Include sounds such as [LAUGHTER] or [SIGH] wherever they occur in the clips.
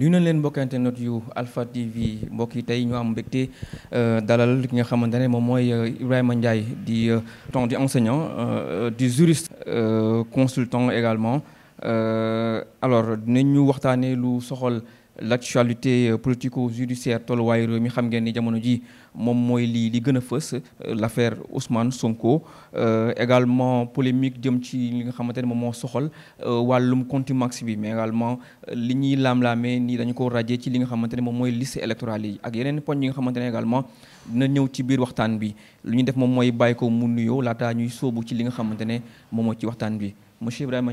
nuyu nañ leen mbokk internet yu Alpha TV mbokk yi tey ñu am mbégte euh, dalal ki nga xamante ne moom mooy euh, Ibrahima Ndiaye di euh, ton di enseignant du juriste consultant également alors dinañ ñu waxtaanee lu soxal l'actualité euh, politique judiciaire tolluwaayu réew mi xam ngeen ni jamono ji li euh, l'affaire Ousmane Sonko euh, également polémique jëm ci li nga xamante ne moom moo mais également li Lam Lame, ni nii dañu ko rajee ci li nga ne moom liste électorale ak également Nenio ñëw ci biir waxtaan bi lu ñu def moom mooy bàyyi ko mu nuyoo laataa monsieur Ibrahima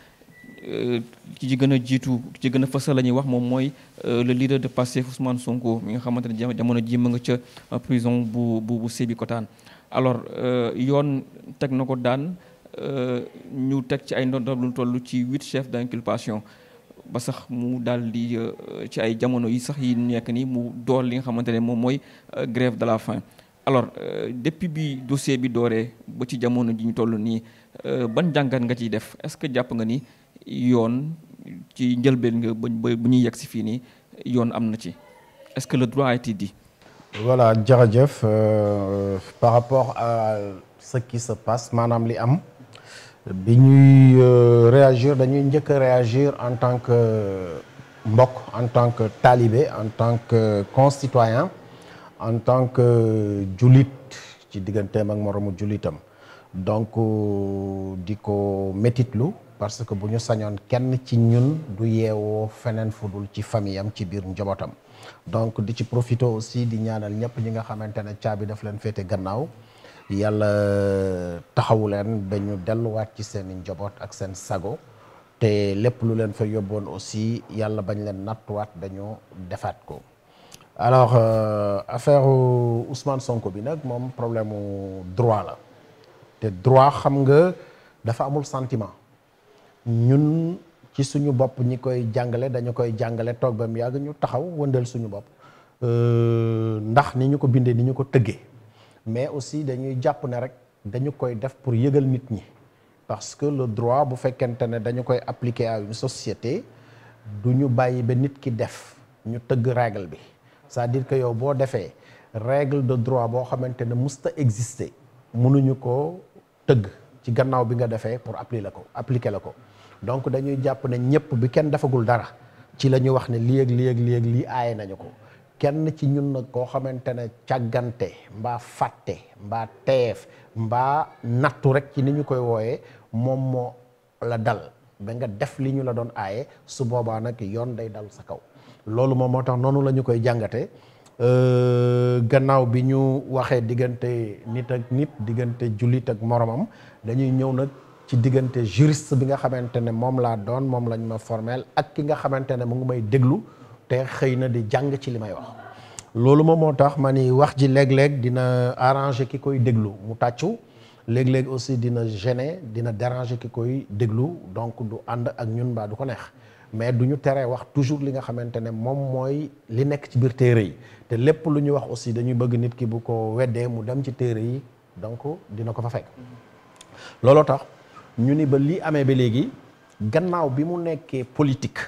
Euh, ki ci gën a jiitu ci gën a fësal la ñuy wax moom mooy euh, le leader de Pastef Ousmane Sonko mi nga xamante ne jamono ji ma nga ca euh, prison bu bu bu Sébi Sébikotane alors yoon teg na ko daan ñu teg ci ay ndondob lu toll ci huit chefs d'inculpation ba sax mu daal di ci ay jamono yi sax yi nekk ni mu door li nga xamante ne moom mooy grève de la faim alors depuis bi dossier bi dooree ba ci jamono ji ñu toll nii ban jàngat nga ciy def est-ce que jàpp nga ni yon ci njëlbeen nga ba bu ñuy yegg si fii nii yoon am na ci est-ce que le droit a été dit voilà jërëjëf euh, par rapport à ce qui se passe maanaam li am bi ñuy euh, réagir dañuy njëkk a réagir en tant que mbokk en tant que talibé en tant que concitoyen en tant que jullit ci digganteem ak moromu jullitam donc euh, di ko métitlu parce que bu ñu sañoon kenn ci ñun du yeewoo feneen fu dul ci famille am ci biir njabootam donc di ci profité aussi di ñaanal ñëpp ñi nga xamante ne caabi daf leen féete gannaaw yàlla euh, taxawu leen ba ñu delluwaat ci seen njaboot ak seen sago te lépp lu leen fa yóbboon aussi yàlla bañ leen nattuwaat dañoo defaat ko. alors euh, affaire Ousmane Sonko bi nag moom problème mu droit la te droit xam nga dafa amul sentiment. ñun ci suñu bopp ñi koy jàngale dañu koy jàngale toog ba mu yàgg ñu taxaw wëndal suñu bopp euh, ndax ni ñu ko bindee ni ñu ko tëggee mais aussi dañuy jàpp ne rek dañu koy def pour yëgal nit ñi parce que le droit bu fekkente ne dañu koy appliquer à une société du ñu bàyyi ba nit ki def ñu tëgg règle bi c'est-à-dire que yow boo defee règle de droit boo xamante ne musta existe mënuñu ko tëgg ci gannaaw bi nga defee pour appliquer la ko appliquer la ko donc dañuy jàpp ne ñëpp bi kenn defagul dara ci la ñu wax ne lii ak lii ak lii aaye nañu ko kenn ci ñun nag koo xamante ne càggante mbaa fàtte mbaa teef mbaa nattu rek ci ni ñu koy wooyee moom moo la dal ba nga def li ñu la doon aaye su boobaa nag yoon day dal sa kaw loolu moom moo tax noonu la ñu koy jàngate euh, gannaaw bi ñu waxee diggante nit ak nit diggante jullit ak moromam dañuy ñëw nag ci diggante jurist bi nga xamante ne moom laa doon moom lañu ma formel ak ki nga xamante ne mu ngi may déglu te xëy na di jàng ci li may wax loolu moom moo tax ma ni wax ji léeg-léeg dina arranger ki koy déglu mu tàccu léeg aussi dina gêner dina déranger ki koy déglu donc du ànd ak ñun mbaa du ko neex mais du ñu tere wax toujours li nga xamante ne moom mooy li nekk ci biir téere yi te lépp lu ñu wax aussi dañuy bëgg nit ki bu ko weddee mu dem ci téere yi donc dina ko fa fekk looloo tax ñu ni ba lii amee ba léegi gannaaw bi mu nekkee politique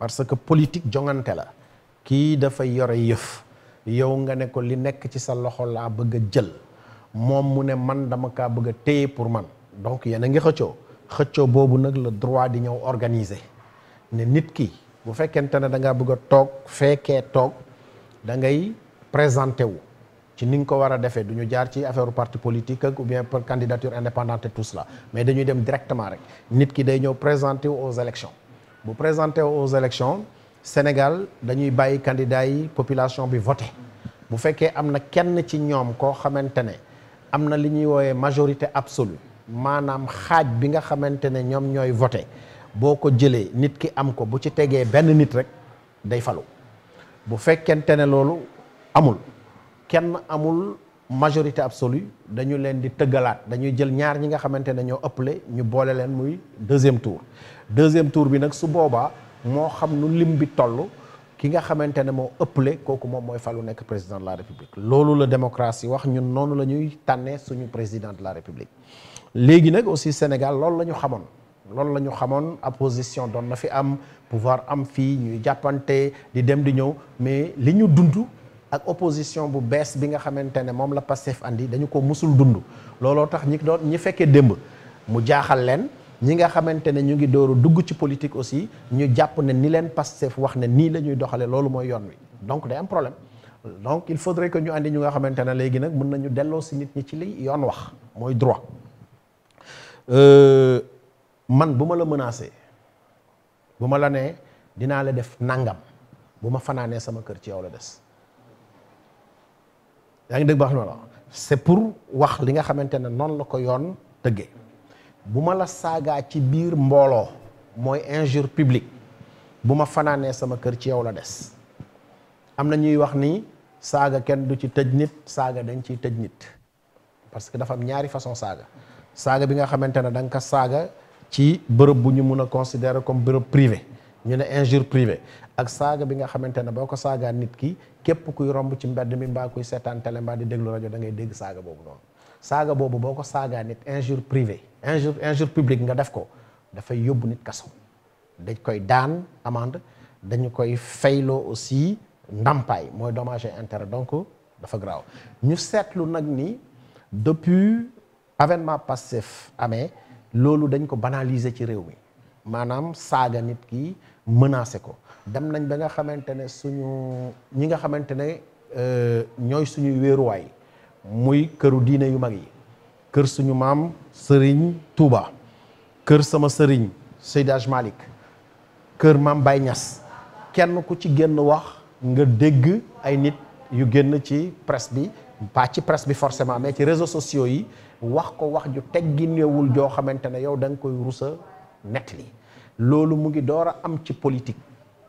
parce que politique jongante la kii dafay yore yëf yow nga ne ko li nekk ci sa loxo laa bëgg jël moom mu ne man dama kaa bëgg a téye pour man donc yéen a ngi xëccoo xëccoo boobu nag la droit di ñëw organiser ne nit ki bu fekkente ne da ngaa bëgg a toog fekkee toog da ngay présenté wu ci ni nga ko war a defee du ñu jaar ci affaire parti politique ak ou bien par candidature indépendante et tout mais dañuy dem directement rek nit ki day ñëw présenter aux élections bu présenter aux élections Sénégal dañuy bàyyi candidats yi population bi voté bu fekkee am na kenn ci ñoom koo xamante ne am na li ñuy wooyee majorité absolue maanaam xaaj bi nga xamante ne ñoom ñooy voté boo ko jëlee nit ki am ko bu ci tegee benn nit rek day falu bu fekkente ne loolu amul kenn amul majorité absolue dañu leen di tëggalaat dañuy jël ñaar ñi nga xamante ne ñoo ëppale ñu boole leen muy deuxième tour deuxième tour bi nag su boobaa moo xam nu lim bi toll ki nga xamante ne moo ëppale kooku moom mooy falu nekk président de la république loolu la démocratie wax ñun noonu la ñuy tànnee suñu président de la république léegi nag aussi Sénégal loolu la ñu xamoon loolu la ñu xamoon opposition doon na fi am pouvoir am fii ñuy jàppante di dem di ñëw mais li ñu dund ak opposition bu bees bi nga xamante ne moom la Pastef andi dañu ko mosul dund looloo tax ñi doon ñi fekkee démb mu jaaxal leen ñi nga xamante ne ñu ngi dooru dugg ci politique aussi ñu jàpp ne ni leen Pastef wax ne nii la ñuy doxalee loolu mooy yoon wi donc day am problème donc il faudrait que ñu andi ñu nga xamante ne léegi nag mën nañu delloo si nit ñi ci li yoon wax mooy droit euh, man bu ma la menacé bu ma la nee dinaa la def nangam bu ma fanaanee sama kër ci yow la des yaa ngi dégg baax loolu c'est pour wax li nga xamante ne noonu la ko yoon tëggee bu ma la saagaa ci biir mbooloo mooy injure publique bu ma sama kër ci yow la des am ñuy wax ni saga kenn du ci tëj nit saaga dañ ciy tëj nit parce que dafa am ñaari façon saaga saaga bi nga xamante ne da nga ko ci bërëb bu ñu mun considérer comme bërëb privé ñu ne injure privée ak saga bi nga xamantene boko saga nit ki kep kuy romb ci mbedd mi mbaa kuy seetaan télé di deglu radio da ngay dégg Saga boobu noonu saga boobu boo ko nit injure privée injure injure public nga def ko fay yob nit kaso dañ koy daan amende dañ koy faylo aussi ndampay moy dommage intérêt donc dafa graw ñu setlu nak ni depuis avènement passif amé lolu dañ ko banaliser ci réew mi manam saga nit ki menacer ko dem nañ ba nga xamante ne suñu ñi nga xamante ne euh, ñooy suñuy wéeruwaay muy këru diine yu mag yi kër suñu maam sëriñ Touba kër sama sëriñ Seydi Hadj kër maam bay ñas kenn ku ci génn wax nga dégg ay nit yu génn ci press bi pas ci presse bi forcément mais ci réseau sociaux yi wax ko wax ju tegginewul joo xamante ne yow da nga koy rusa nettali loolu mu ngi door a am ci politique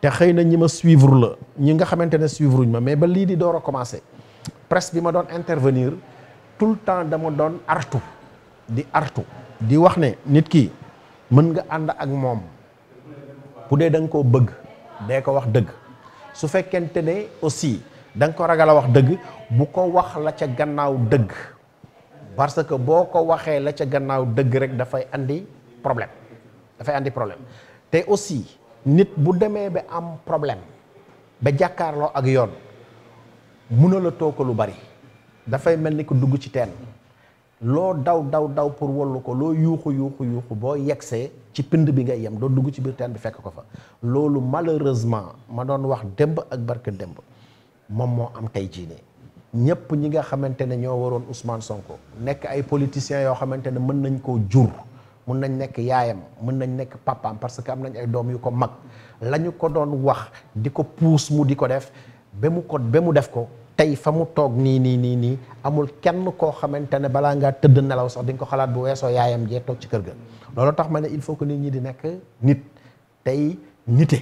te xëy na ñi ma suivre la ñi nga xamante suivre ñu mais ba lii di door a commencé presse bi ma doon intervenir tout le temps dama doon artu di artu di wax ne nit ki mën nga ànd ak moom bu dee da nga koo bëgg dee ko wax dëgg su fekkente ne aussi da nga ko ragal wax dëgg bu ko wax la ca gannaaw dëgg parce que boo ko la ca gannaaw dëgg rek dafay andi problème dafay andi problème te aussi nit bu demee ba am problème ba jàkkaarloo ak yoon muna la too ko lu bari dafay mel ni ko dugg ci teen loo daw daw daw pour wallu ko loo yuuxu yuuxu yuuxu boo yegsee ci pind bi ngay yem doo dugg ci biir teen bi fekk ko fa loolu malheureusement ma doon wax démb ak barke démb moom moo am tey jii nii ñëpp ñi nga xamante ne ñoo waroon Ousmane Sonko nekk ay politiciens yoo xamante ne mën nañ koo jur mun nañ nekk yaayam mun nañ nekk papaam parce que am nañ ay doom yu ko mag la ñu ko doon wax di ko mu def bemu ko def ko tey fa mu ni ni ni, amul kenn koo xamante ne balaa ngaa tëdd nelaw sax di nga ko xalaat bu weesoo yaayam jee toog ci kër ga tax il faut que nit ñi di nit tey nite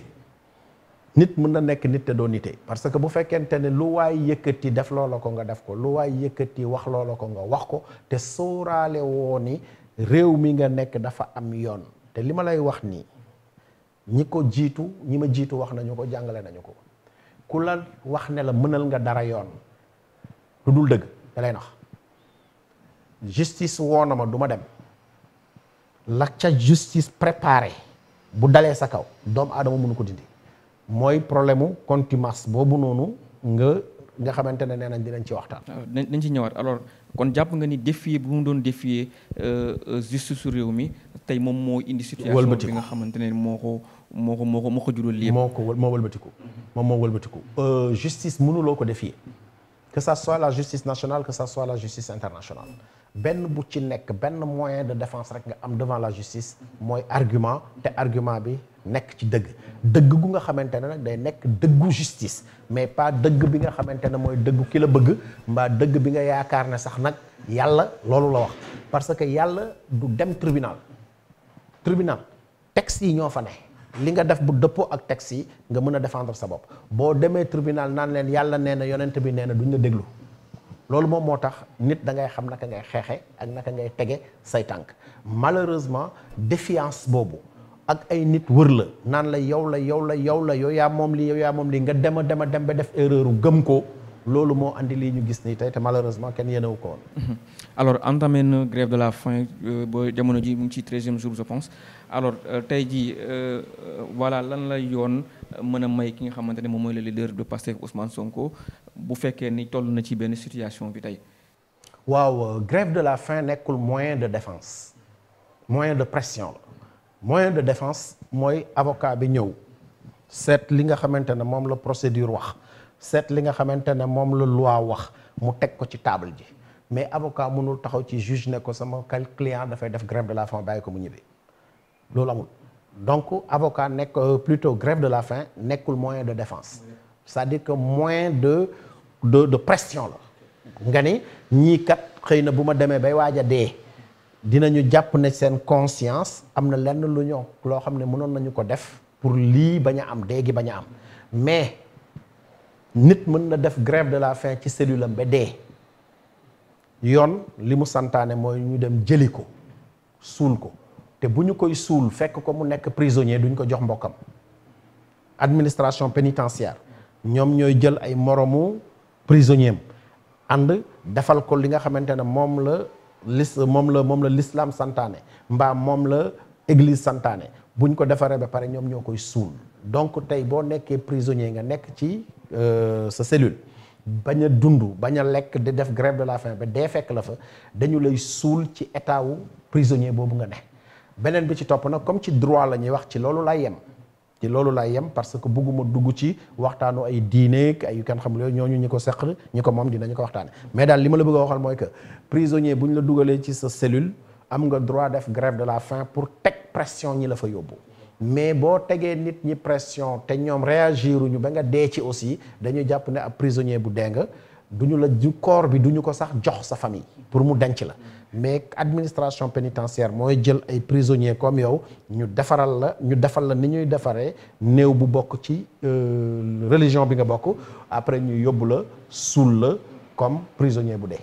nit mën na nekk nit te doo nite parce que bu fekkente ne lu waay yëkkati def loola ko nga def ko lu waay yëkkati wax loola ko nga wax ko te ni réew mi nga nekk dafa am yoon te li ma lay wax nii ñi ko jiitu ñi ma jiitu wax nañu ko jàngale nañu ko ku la wax ne la nga dara yoon lu dul da lay justice woo na du ma dem justice préparé bu sakau, sa kaw doomu aadama mënu ko dindi mooy problème mu contumace boobu noonu nga nga xamante ne dinañ ci waxtaan. dañ ci ñëwaat alors. Quand japp ni défier bu mu défier euh, euh, justice sur réew mi tey situation bi nga justice défier que ce soit la justice nationale que ce soit la justice internationale benn bu ci nekk benn moyen de defence rek nga am devant la justice mooy argument te argument bi nekk ci dëgg dëgg gu nga xamante ne nag day nekk dëggu justice mais pas dëgg bi nga xamante ne mooy dëggu ki la bëgg mbaa dëgg bi nga yaakaar ne sax nag yàlla loolu la wax parce que yàlla du dem tribunal tribunal texte yi ñoo fa ne li nga def bu dëppoo ak texte yi nga mën a défendre sa bopp boo demee tribunal naan leen yàlla nee na yonent bi nee na duñ la déglu loolu moom moo tax nit da ngay xam naka ngay xeexe ak naka ngay tege say tànk malheureusement défiance boobu ak ay nit wër la naan la yow la yow la yow la yow yaa moom li yow yaa moom lii nga dema dema dem ba def erreur gëm ko loolu moo andi lii ñu gis nii tey te malheureusement kenn yéenewu ko woon mm-hmm. alors entamé une grève de la faim euh, ba jamono ji le 13 jour je pense alors euh, tey jii euh, voilà lan la yoon mën may ki nga xamante le leader de Pasteur Ousmane Sonko pour faire ni toll na une situation bi Wow, waaw grève de la faim le moyen de défense moyen de pression moyen de défense mooy avocat bi ñëw seet li nga xamante ne la procédure wax seet li nga xamante le la loi wax mu teg ko ci table ji mais avocat mënul taxaw ci juge ne ko sama client fay def grève de la faim bay ko mu ñibbi loolu amul donc avocat nek euh, plutôt grève de la faim nekul moyen de défense c'est-à-dire que moyen de de de pression la nga ni kat xeyna buma démé bay waja dé dinañu japp ne sen conscience amna lenn lu ñoo loo xam ne nañu ko def pour li baña am dee gi am mais nit mën na def grève de la faim ci cellule am ba dee yon limu santane moy ñu dem jëliko sunko ko te bu koy sul fekk ko mu nekk prisonnier duñ ko jox mbokam administration pénitentiaire ñom ñoy jël ay moromu prisonnier am ànd defal ko li nga xamante mom le la mom moom la moom la l'islam santaane mba mom la église Santane. buñ ko défaré ba paré ñom ñoo koy donc tay bo nekké prisonnier nga nekk ci euh, sa cellule bañ a dund bañ a lekk di def grève de la faim ba dee fekk la fa dañu lay suul ci état wu prisonnier boobu nga ne beneen bi ci topp na comme ci droit la ñuy wax ci loolu lay yem ci loolu lay yem parce que bëgguma dugg ci waxtaanu ay diineek ay yu kenn xamul yooyu ñu ñi ko seq ñi ko moom dinañu ko waxtaane mais daal li ma la bëgg a waxal mooy que prisonnier bu ñu la dugalee ci sa cellule am nga droit def grève de la fin pour teg pression ñi la fa yóbbu mais bo tegee nit ñi pression te ñoom ñu ba nga dé ci aussi dañu japp né ab prisonnier bu dee duñu la du corps bi duñu ko sax jox sa famille pour mu denc la mais administration pénitentiaire moy jël ay prisonnier comme yow ñu défaral la ñu defal la ni ñuy défaré néw bu bok ci euh, religion bi nga bok après ñu yobul la suul la comme prisonnier bu dee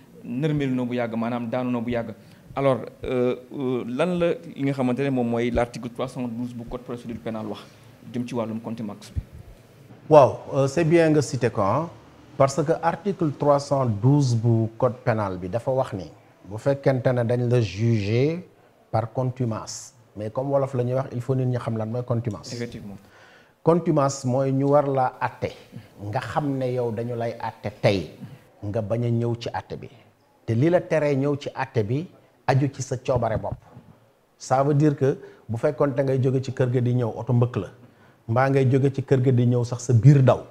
nërmeelu na bu yàgg maanaam daanu na bu yàgg alors euh, euh, lan la li nga xamante ne moom mooy l'article 312 bu code procédure pénale wax jëm ci wàllum contumace bi waaw euh, c'est bien nga cité ko hein, parce que article 312 bu code pénal bi dafa wax ni bu fekkente ne dañ la juger par contumace mais comme wolof la ñuy wax il faut nit ñi xam lan mooy contumace effectivement contumace mooy ñu war laa àtte nga xam ne yow dañu lay atte tey nga bañ a ñëw ci àtte bi lii la teree ñëw ci àtte bi aju ci sa coobare bopp ça veut dire que bu fekkoon te ngay jóge ci kër gi di ñëw oto mbëkk la mbaa ngay jóge ci kër gi di ñëw sax sa biir daw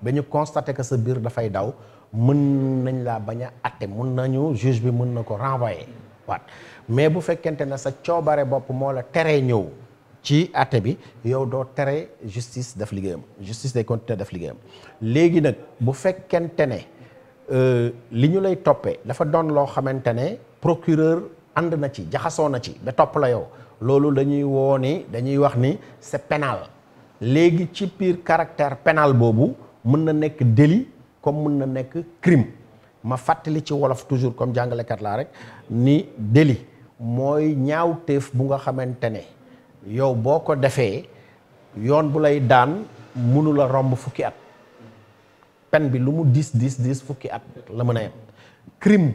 ba ñu constaté que sa biir dafay daw mën nañ laa bañ a àtte mun nañu juge bi mun na ko renvoyé waat mais bu fekkente ne sa coobare bopp moo la teree ñëw ci àtte bi yow doo tere justice def liggéeyam justice day continuer def liggéeyam léegi nag bu fekkente ne Euh, li ñu lay toppee dafa doon loo xamante ne procureur ànd na ci jaxasoo na ci ba topp la yow loolu dañuy woo ni dañuy wax ni c'est pénal léegi ci piir caractère pénal boobu mën na nekk déli comme mën na nekk crime ma fàttali ci wolof toujours comme jàngalekat laa rek ni déli mooy ñaawteef bu nga xamante ne yow boo ko defee yoon bu lay daan mënu romb fukki at pen bi lu mu dis dis dis fukki at la mën a yem crime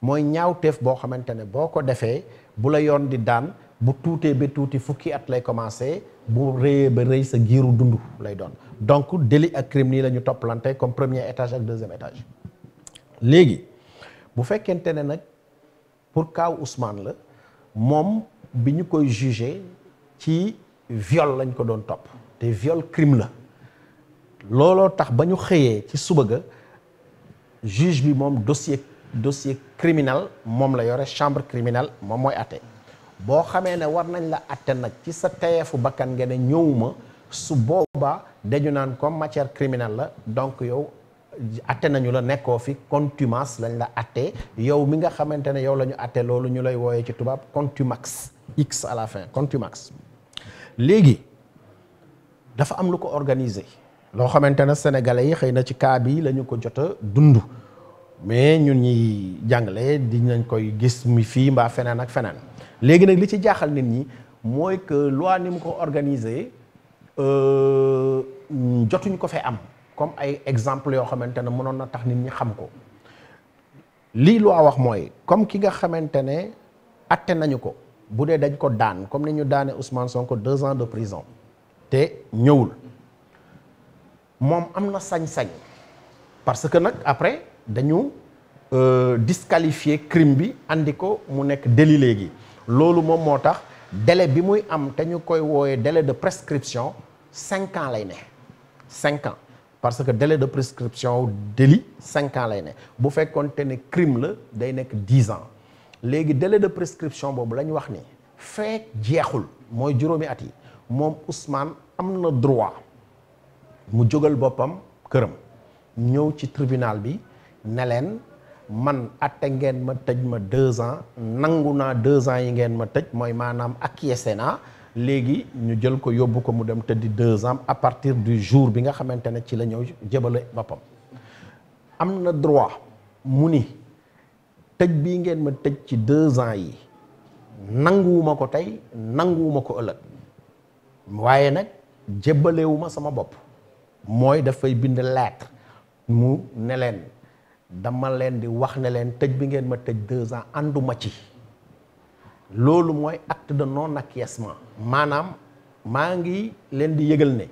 mooy ñaaw ñaawteef boo xamante ne boo ko defee bu la yoon di daan bu tuutee ba tuuti fukki at lay commencé bu rëyee ba rëy sa giiru dund lay doon donc déli ak crime nii la ñu toppalante comme premier étage ak deuxième étage léegi bu fekkente ne nag pour kaaw Ousmane la moom bi ñu koy jugé ci viole lañ ko doon topp te viol crime la lolo tax bañu xeyé ci suba juge dossier dossier criminel la chambre criminelle Si on a bo xamé né war nañ la atte nak ci sa nga su comme matière criminelle la donc yow nañu la fi contumace lañ la a yow mi nga ne yow lañu lolu contumax x à la fin contumax légui dafa am lu organiser lo xamantene ne sénégalais yi xeyna ci cas bi lañu ko jot dundu mais ñun ñi jàngale dinañ koy gis mi fi mba feneen ak feneen légui nak li ci jaxal nit ñi moy que loi ni mu ko organiser euh, jotuñ ko fe am comme ay exemple yo xamantene ne na tax nit ñi xam ko li loi wax moy comme ki nga xamantene atté nañu ko bu dee dañ ko daan comme ni ñu daané Ousmane Sonko 2 ans de prison te ñëwul parce que après, euh, disqualifié le crime et un délit. C'est ce qui le délai qui a le délai de prescription 5 ans. 5 ans. Parce que le délai de prescription est délit 5 ans. Si vous faites un crime, il est 10 ans. Le délai de prescription, c'est ce qu'on dit. Fait Djehul, c'est Ousmane a le droit mu jógal boppam këram ñëw ci tribunal bi ne leen man atte ngeen ma tëj ma deux ans nangu naa deux ans yi ngeen ma tëj mooy maanaam ak acquiescé naa léegi ñu jël ko yóbbu ko mu dem tëddi deux ans à partir du jour bi nga xamante ne ci la ñëw jëbale boppam am na droit mu ni tëj bii ngeen ma tëj ci deux ans yi nanguwuma ko tey nanguwuma ko ëllëg waaye nag jébbalewuma sama bopp mooy dafay bind lettre mu ne leen dama leen di wax ne leen tëj bi ngeen ma tëj deux ans ànduma ci loolu mooy acte noon non acquiescement maanaam maa ngi leen di yëgal ne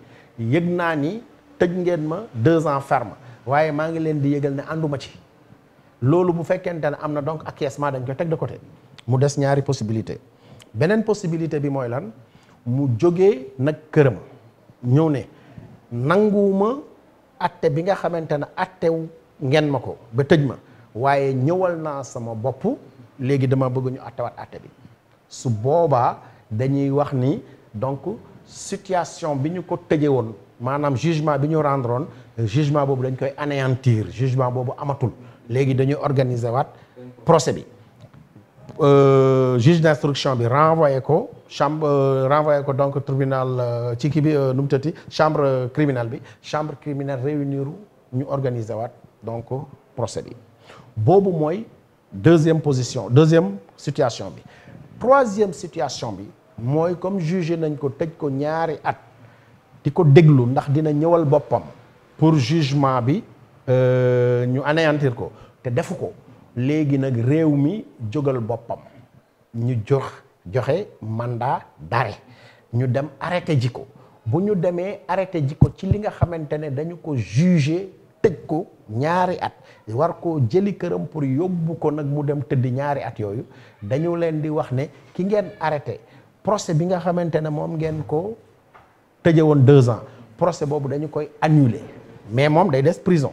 yëg naa ni tëj ngeen ma deux ans ferme waaye maa ngi leen di yëgal ne ànduma ci loolu bu fekkente ne am na donc acquiescement dañ koy teg de côté mu des ñaari possibilité beneen possibilité bi mooy lan mu jóge nag këram ñëw ne nanguwuma atte bi nga xamante ne attew ngeen ma ko ba tëj ma waaye ñëwal naa sama bopp léegi dama bëgg ñu attewaat atte bi su boobaa dañuy wax ni donc situation bi ñu ko tëje woon maanaam jugement bi ñu rendre woon jugement boobu dañ koy anéantir jugement boobu amatul léegi dañuy organiser waat procès bi Euh, juge d'instruction, bi renvoyé ko chambre euh, renvoyé ko donc tribunal euh, ci ki bi num teuti chambre criminelle bi chambre criminelle réunir ñu organiser wat donc procès bi bobu moy deuxième position deuxième situation bi troisième situation bi moy comme jugé nañ ko tej ko ñaari at diko déglu ndax dina ñëwal bopam pour jugement bi ñu anéantir ko té defu ko léegi nag réew mi jógal boppam ñu jox joxe mandat d'arrêt ñu dem arrêté ji ko bu ñu demee arrêté ji ko ci li nga xamante ne dañu ko jugé tëj ko ñaari at war ko jëli këram pour yóbbu ko nag mu dem tëdd ñaari at yooyu dañu leen di wax ne ki ngeen arrêté procès bi nga xamante ne moom ngeen ko tëje woon deux ans procès boobu dañu koy annuler mais moom day des prison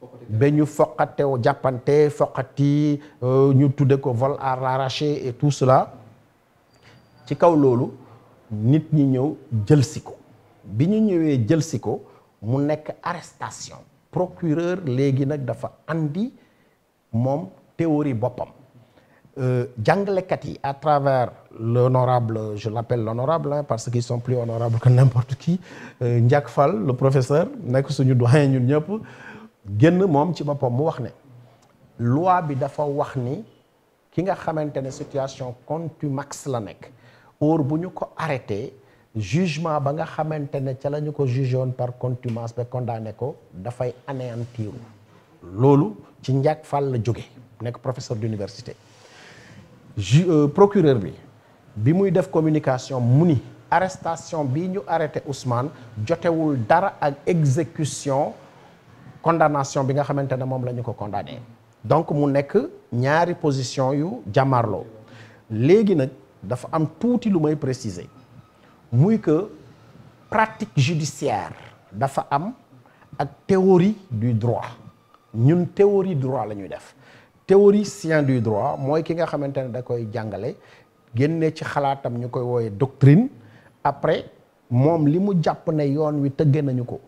ba ben ñu foqate jàppante foqati euh, ñu tudde ko vol à l'arraché et tout cela ci kaw lolo nit ñi ñëw jël bi ñu arrestation procureur léegi nag dafa andi mom théorie bopam. Euh, jàngalekat kati à travers l'honorable je l'appelle l'honorable hein, parce qu'ils sont plus honorables que n'importe qui euh, Ndiak Fall le professeur nekk suñu doyen ñun ñëpp génn moom ci boppam mu wax ne loi bi dafa wax ni ki nga situation contumax la nekk or bu ko arrêté jugement ba nga xamante ne ca ko jugeoon par contumance ba ko ci la professeur d'université euh, procureur bi bi muy def communication mu arrestation bi ñu Ousmane jotewul dara exécution condamnation bi nga xamantene mom lañu ko condamné donc mu nek ñaari position yu jamarlo léegi nak dafa am tuuti lu may préciser muy que pratique judiciaire dafa am ak théorie du droit ñun théorie du droit la ñuy def théoricien du droit moy ki nga xamantene ne da koy jàngale génné ci xalaatam ñukoy woyé doctrine après mom limu japp né yoon wi tëgge nañu ko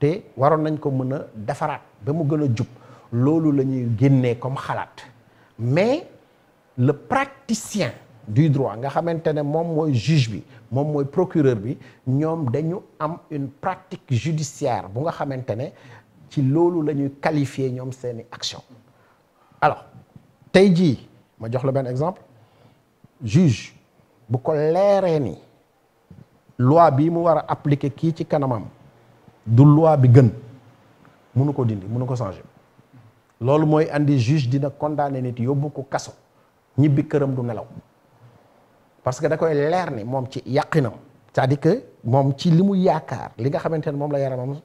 te waron nañ ko mëna défarat defaraat ba mu loolu la comme xalat mais le praticien du droit nga xamante mom moy juge bi mom moy procureur bi ñom dañu am une pratique judiciaire bu nga xamante ci loolu lañuy qualifier ñom seeni action alors tay ji ma jox la ben exemple juge bu ko léré ni loi bi mu wara appliquer ki ci kanamam du loi bi gën mënu ko dindi mënu ko changer loolu mooy indi juge dina condamné nit yóbbu ko kaso ñibbi këram du nelaw parce que da koy leer ni moom ci yàqinam cest à que moom ci li mu yaakaar li nga xamante ne moom la yaramam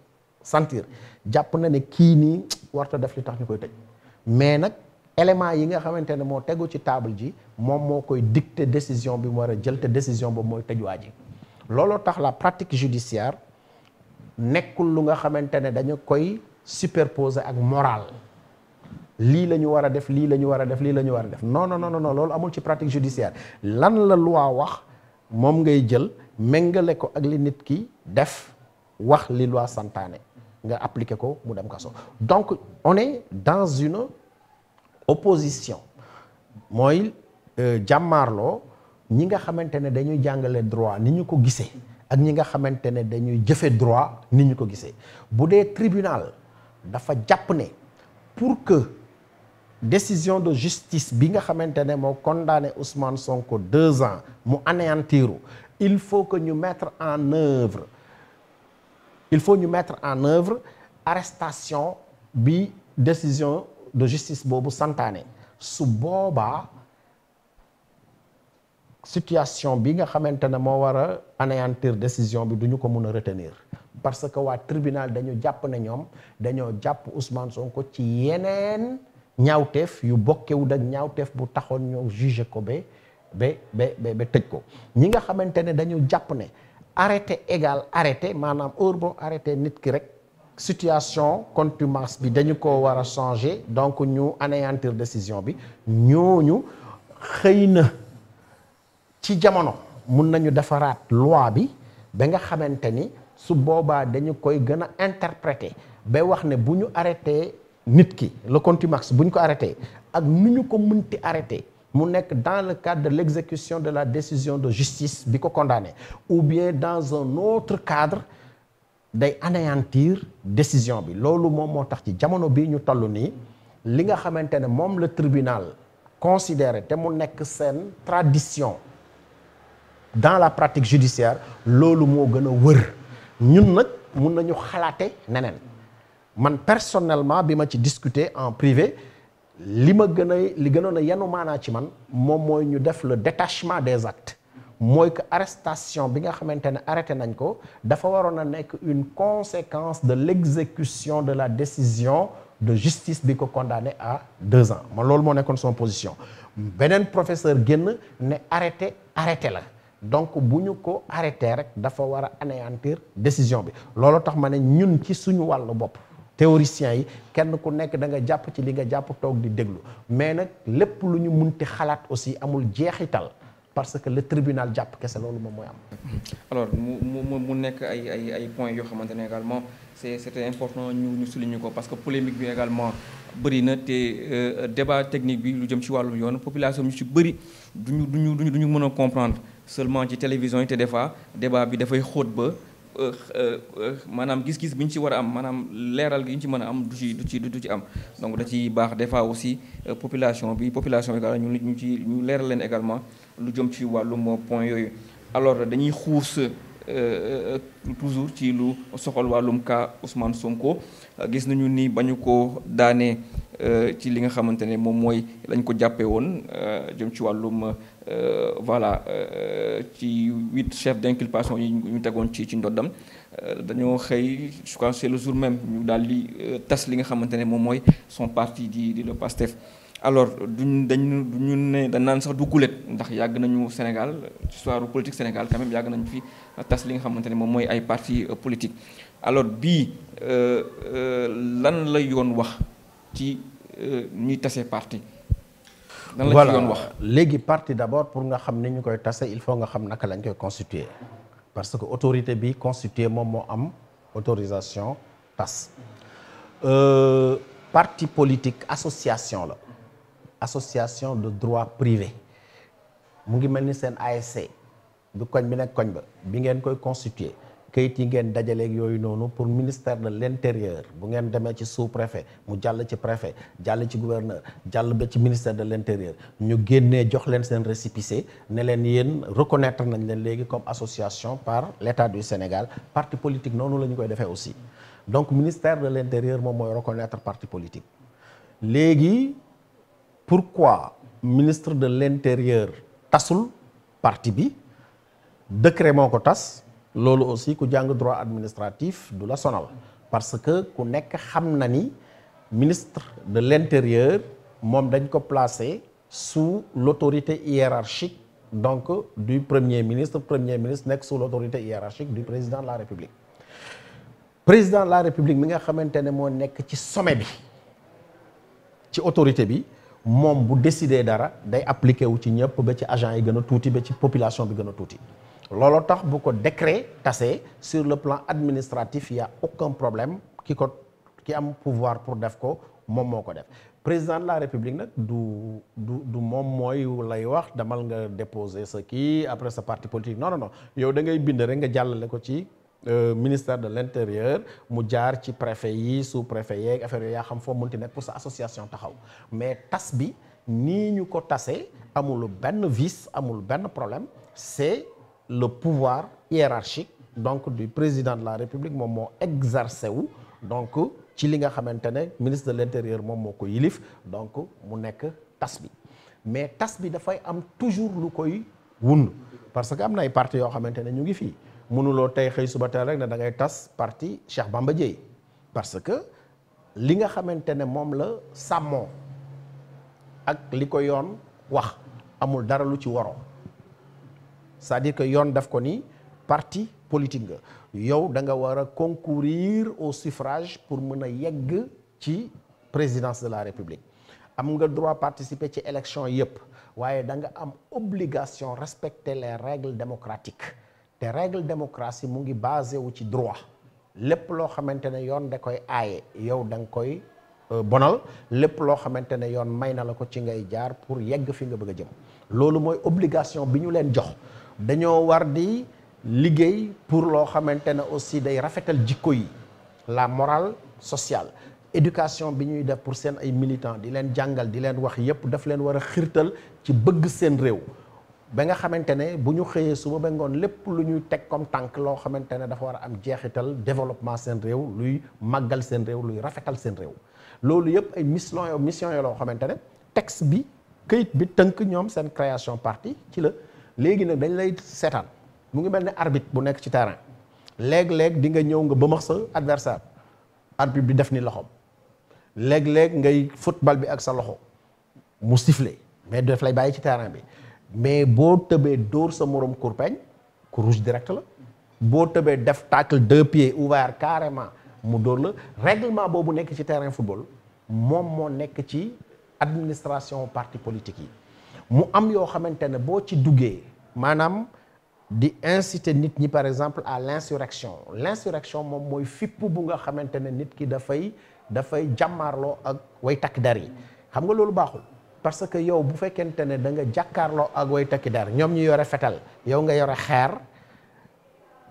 sentir jàpp na ne kii nii warta def li tax ñu koy tëj mais nag élément yi nga xamante ne moo tegu ci table ji moom moo koy te décision bi mu war a jël te décision boobu mooy tëj waa ji looloo tax la pratique judiciaire nekkul lu nga xamante ne dañu koy superposer ak moral lii la ñu war a def lii la ñu war a def lii la ñu war a def non non non loolu amul ci pratique judiciaire lan la loi wax moom ngay jël méngale ko ak li nit ki def wax li loi santaane nga appliquer ko mu dem kaso donc on est dans une opposition mooy euh, jàmmaarloo ñi nga xamante ne dañuy jàngale droit ni ñu ko gisee ak ñi nga xamante dañuy jëfé droit ni ñu ko gissé bu dee tribunal dafa japp né pour que décision de justice bi nga xamantene mo condamné Ousmane Sonko deux ans mu anéantiru il faut que ñu mettre en œuvre il faut ñu mettre en œuvre arrestation bi décision de justice bobu santané su boba situation bi nga xamantene mo wara anéantir décision bi duñu ko mëna retenir parce que wa tribunal dañu japp ne ñom dañu japp Ousmane Sonko ci yenen ñaawteef yu bokkewul ak ñaawteef bu taxone ñu juger ko ba ba ba ba tëj ko ñi nga xamantene dañu japp ne arrêté égal arrêté manam heure arrêté nit ki rek situation contumace bi dañu ko wara changer donc ñu anéantir décision bi ñoñu xeyna ci jamono mën nañu la loi bi nga interpréter arrêté le ko arrêté ak dans le cadre de l'exécution de la décision de justice biko condamné ou bien dans un autre cadre day anéantir décision bi loolu mom moo tax ci jamono bi ñu tollu ni le tribunal considéré té mu tradition dans la pratique judiciaire loolu mo gën a wër ñun nak nous nañu xalaate nenen. man personnellement bima ma ci discuter en privé ce que nous avons li c'est yanu mana ci man le détachement des actes Moy que arrestation bi nga xamantene arrêté nañ ko dafa une conséquence de l'exécution de la décision de justice bi condamné à deux ans man ce mo nekkoon son position Benen professeur génn ne arrêté arrêté la donc buñu ko arrêté rek dafa wara anéantir décision bi lolo tax mané ñun ci suñu wàllu bop théoriciens yi kenn ku nekk da nga japp ci li nga japp tok di déglu mais nak lepp lu ñu munti xalat aussi amul jéxital parce que le tribunal japp kessé lolu moom moy am. alors mu mu mu nekk ay ay ay points yo xamante également c'est c'était important ñu ñu souligner ko parce que polémique bi également bëri na te euh, débat technique bi lu jëm ci wàllu yoon population ñu ci bëri duñu duñu duñu mëna comprendre seulement ci télévision yi des fois débat bi dafay xóot ba euh, euh, euh, manam gis-gis biñ ci wara am manam léral gi ñu ci mëna am du ci du ci du ci am donc da ci bax des fois aussi population bi population bi ñu ñu ci ñu léral leen également lu jëm ci mo point yoyu alors dañuy xuus. Euh, euh, toujours ci lu soxal walum ka Ousmane Sonko euh, gis ni ci li nga lañ ko ci voilà ci d'inculpation ñu ci ci je crois c'est le jour même ñu li nga son parti di le PASTEF alors duñ dañu duñu ne sax du gulet ndax yàgg nañu Sénégal histoire politique Sénégal quand même yàgg nañu fi tas li nga xamante ne moom ay parti euh, politique alors bii euh, euh, lan la yoon wax ci ñuy tase parti lan la ci wax parti d'abord pour nga xam ni ñu tasser, il faut nga xam naka lañ koy constituer parce que autorité bi constitué moom moo am autorisation tas parti politique association là association de droit privé mu ngi mel ASC bi koñ bi nekk koñ ba bi ngeen koy constituer kayit yi ngeen dajaleeg yooyu noonu pour ministère de l'Intérieur. intérieur bu ngeen ci sous préfet mu jàll ci préfet jàll ci gouverneur jàll BE ci ministère de l'Intérieur. intérieur ñu génnee jox leen seen récépissé reconnaître nañ leen léegi comme association par l'État du Sénégal parti politique noonu la ñu koy defee aussi donc ministère de l'Intérieur. intérieur moi reconnaître parti politique léegi pourquoi ministre de l'intérieur tassoul parti bi décret ko aussi ku droit administratif de la sonal parce que ku nek ni ministre de l'intérieur est placé sous l'autorité hiérarchique donc du premier ministre premier ministre est sous l'autorité hiérarchique du président de la république président de la république mi nga xamantene mo nek ci sommet bi ci autorité bi mom bu décider dara day appliquer wu ci ñepp ba ci agent yi gëna touti tuuti ba ci population bi gëna touti. tuuti looloo tax bu ko décret tassé sur le plan administratif il y a aucun problème qui ko ki am pouvoir pour def ko mom moko def président de la république nak du du du mom moy lay wax damal nga déposer ce qui après sa parti politique non non non yow da ngay bind rek nga jàllale ko ci euh, ministère de l'Intérieur, intérieur mu préfet sous préfet yeeg affaire yooyu xam pour sa association taxaw mais TASBI, bi ni ko tassé, amul ben vice amul ben problème c'est le pouvoir hiérarchique donc du président de la république momo exercé où, donc ci li nga ministre de l'Intérieur mom moko ko yilif donc mu nek tasbi mais tasbi da fay am toujours lu koy wund parce que am ay parti yoo ñu ngi fi mënuloo tey xëy suba tey rek da parti Cheikh Bamba djey parce que li nga xamantene mom la sàmmoo ak liko ko wax amul dara lu ci woro c'est-à-dire que yoon daf ko ni parti politique nga yow da nga wara concourir au suffrage pour mën yegg ci présidence de la république am nga droit participer ci élection yépp waye da nga am obligation respecter les règles démocratiques te règle démocratie mu ngi basé wu ci droit lépp loo xamante ne yoon da koy aaye yow danga koy euh, bonal lépp loo xamante ne yoon may na la ko ci ngay jaar pour yegg fi nga bëgg a jëm loolu mooy obligation bi ñu leen jox dañoo war di liggéey pour loo xamante ne aussi day rafetal jikko yi la morale sociale éducation bi ñuy def pour seen ay militants di leen jàngal di leen wax yépp daf leen war a xirtal ci bëgg seen réew ba nga xamante ne bu ñu xëyee suba ba ngoon lépp lu ñuy teg comme tànk loo xamantene dafa war a am jeexital développement seen réew luy màggal seen réew luy rafetal seen réew loolu yëpp ay mission yo mission yo loo xamantene texte bi këyit bi tënk ñoom seen création parti ci la léegi nag dañ lay seetaan mu ngi mel ne arbitre bu nekk ci terrain léeg-léeg di nga ñëw nga bëmax sa adversaire arbitre bi def ni loxom léeg-léeg ngay football bi ak sa loxo mu siflé mais def lay bàyyi ci terrain bi mais boo tëbee dóor sa morom kurpeñ ku rouge direct la boo tëbee def tacle deux pieds ouvert carrément mu dóor la réglement boobu nekk ci terrain football moom moo nekk ci administration parti politique yi mu am yoo xamante ne boo ci duggee maanaam di inciter nit ñi par exemple à l'insurrection l'insurrection moom mooy fipp bu nga xamante ne nit ki dafay dafay jàmmaarloo ak way takk dar yi xam nga loolu baaxul parce que yow bu fekkente ne da nga jàkkaarloo ak way takki der ñoom ñu yore fetal yow nga yore xeer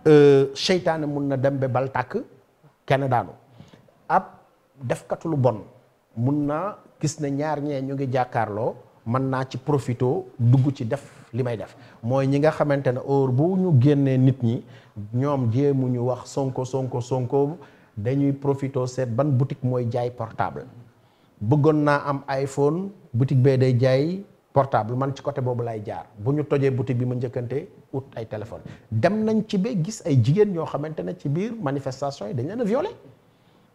euh, seytaane mun na dem bal kenn daanu ab defkat lu bon mun naa gis ne ñaar ñee ñu ngi ci profito dugg ci def lima def mooy ñi nga xamante ne heure bu ñu génnee nit ñi ñoom songko ñu wax sonko sonko sonko dañuy profito set ban boutique mooy jaay portable bëggoon na am iPhone boutique bee day jaay portable man ci côté boobu lay jaar bu butik tojee boutique bi ma njëkkante ut ay téléphone dem nañ ci gis ay jigéen ñoo xamante ne ci biir manifestation yi dañ leen a violé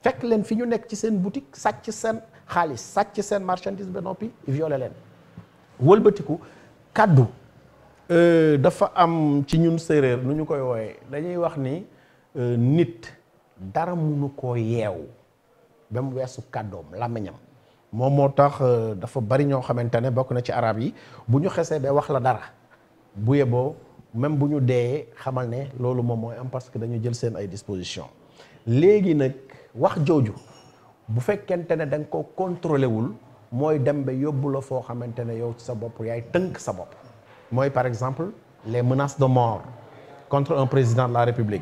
fekk leen fi ñu nekk ci seen boutique sàcc seen xaalis sàcc seen marchandise ba noppi violé leen euh, dafa am ci ñun séeréer nu ñu koy wooyee dañuy wax ni euh, nit dara munu koo yeew ba mu moom moo euh, dafa bari ño xamante ne bokk na ci arab yi buñu xesse be wax la dara bu bo même buñu ñu xamal ne lolu mom moy am parce que dañu jël sen ay disposition légui nak wax joju bu fekkente ne ko contrôlé wul moy dem ba yóbbu la yow ci sa bop yaay teunk sa bop moy par exemple les menaces de mort contre un président de la république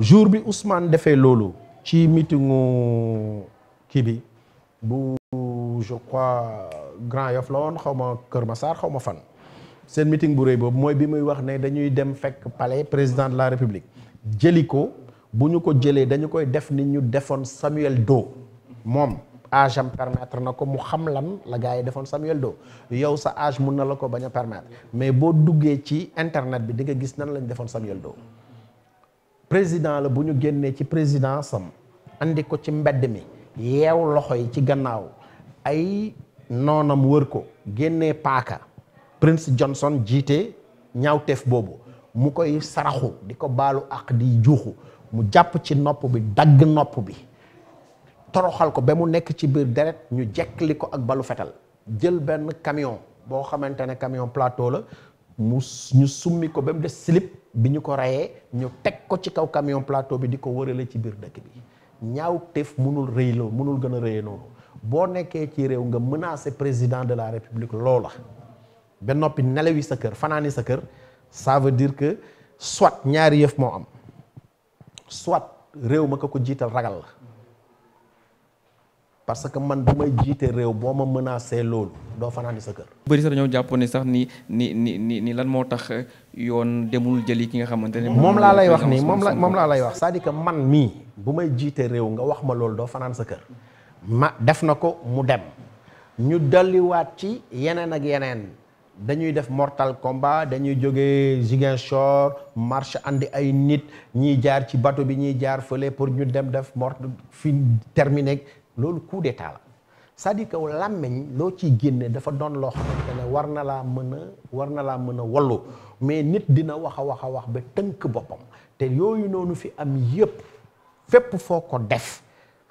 jour bi Ousmane défé lolu. ci meetingu kibi bu boobu je crois Grand Yoff la woon xaw ma Kër Massar xaw ma fan. seen meeting bu rëy boobu mooy bi muy wax ne dañuy dem fekk palais président de la république jëli ko bu ñu ko jëlee dañu koy def ni ñu defoon Samuel Doe moom âge am permettre na ko mu xam lan la gars yi defoon Samuel do yow sa âge mun na la ko bañ a permettre mais boo duggee ci internet bi di nga gis nan lañ defoon Samuel Doe président la bu ñu génnee ci président am andi ko ci mbedd mi yeew loxo ay noonam wër ko génne paaka Prince Johnson jiite ñaaw teef boobu mu koy saraxu di ko baalu ak di juuxu mu jàpp ci nopp bi dagg nopp bi toroxal ko ba mu nekk ci biir deret ñu jekkli ko ak balu fetal jël benn camion boo xamante ne camion plateau la mu ñu summi ko ba mu des slip bi ñu ko reyee ñu teg ko ci kaw kamiyon plateau bi di ko wërale ci biir dëkk bi ñaaw teef munul rëy loo munul gën a rëyee noonu boo nekkee ci réew nga menacé président de la république lola ba noppi nelewi sa kër fanaani sa kër ça veut dire que soit ñaari yëf moo am soit réew ma ko ko jiital ragal la parce que man bu may jiite réew boo ma menacé loolu doo fanaani sa kër. bëri sax dañoo jàppoon sax ni ni ni ni lan moo yon demul jeli ki nga xamante ne. moom laa lay wax nii moom la moom laa lay wax. c'est-à-dire que man mii bu may jiite réew nga wax ma loolu doo fanaan sa kër. ma def na ko mu dem ñu dolliwaat ci yeneen ak yeneen dañuy def mortal combat dañuy jógee Ziguinchor marche andi ay nit ñiy jaar ci bateau bi ñiy jaar fële pour ñu dem def mort fi terminé loolu coup d'état la c'est-à-dire loo ciy génne dafa doon loo xamante ne war na laa mën a war na laa mën a wallu mais nit dina wax a wax a wax ba tënk boppam te yooyu noonu fi am yépp fépp foo ko def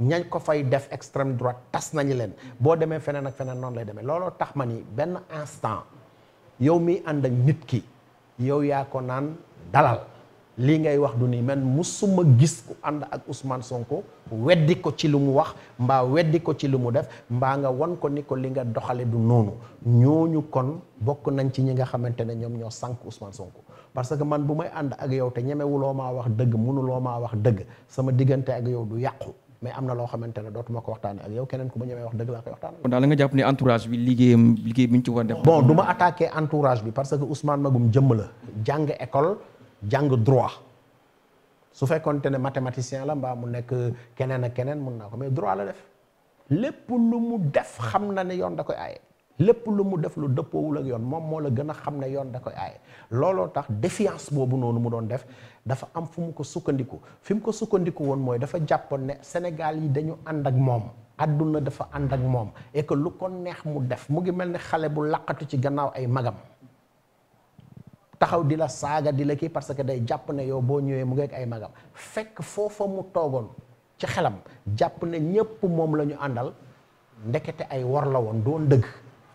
ñañ ko fay def extrême droite tas nañu leen boo demee feneen ak feneen noonu lay demee lolo tax ma ni instant yow mi ànd ak nit ki yow ko dalal li ngay wax du ni man musuma gis ku ànd ak Ousmane Sonko weddi ko ci lu wax mbaa weddi ko ci def mbaa nga won ko ni ko li nga doxale du noonu ñooñu kon bokk nañ ci ñi nga xamante ne ñoom ñoo sànk Ousmane Sonko parce que man bu may ak yow te wax wax sama diggante ak yow du mais am na loo xamante ne dootuma ko waxtaanee ak yow keneen ku ma ñemee wax dëgg laa koy waxtaanee. kon daal nga jàpp ne entourage bi liggéeyam liggéey bi ñu ci war a def. bon du ma attaqué entourage bi parce que Ousmane Magum jëmm la jàng école jàng droit su fekkoonte ne mathématicien la mbaam mu nekk keneen a keneen mun naa ko mais droit la def lépp lu mu def xam na ne yoon da koy aaye. lépp lu mu def lu dëppoowul ak yoon moom moo la gën a xam ne yoon da koy aaye looloo tax défiance boobu noonu mu doon def dafa am fu mu ko sukkandiku fi mu ko sukkandiku woon mooy dafa jàppoon ne Sénégal yi dañu ànd ak moom àdduna dafa ànd ak moom et lu ko neex mu def mu ngi mel ni xale bu laqatu ci gannaaw ay magam taxaw di la saaga di la kii parce que day jàpp ne yow boo ñëwee mu ngi ak ay magam fekk foofa mu toogoon ci xelam jàpp ne ñépp moom la ñu àndal ndekete ay wor la woon doon dëgg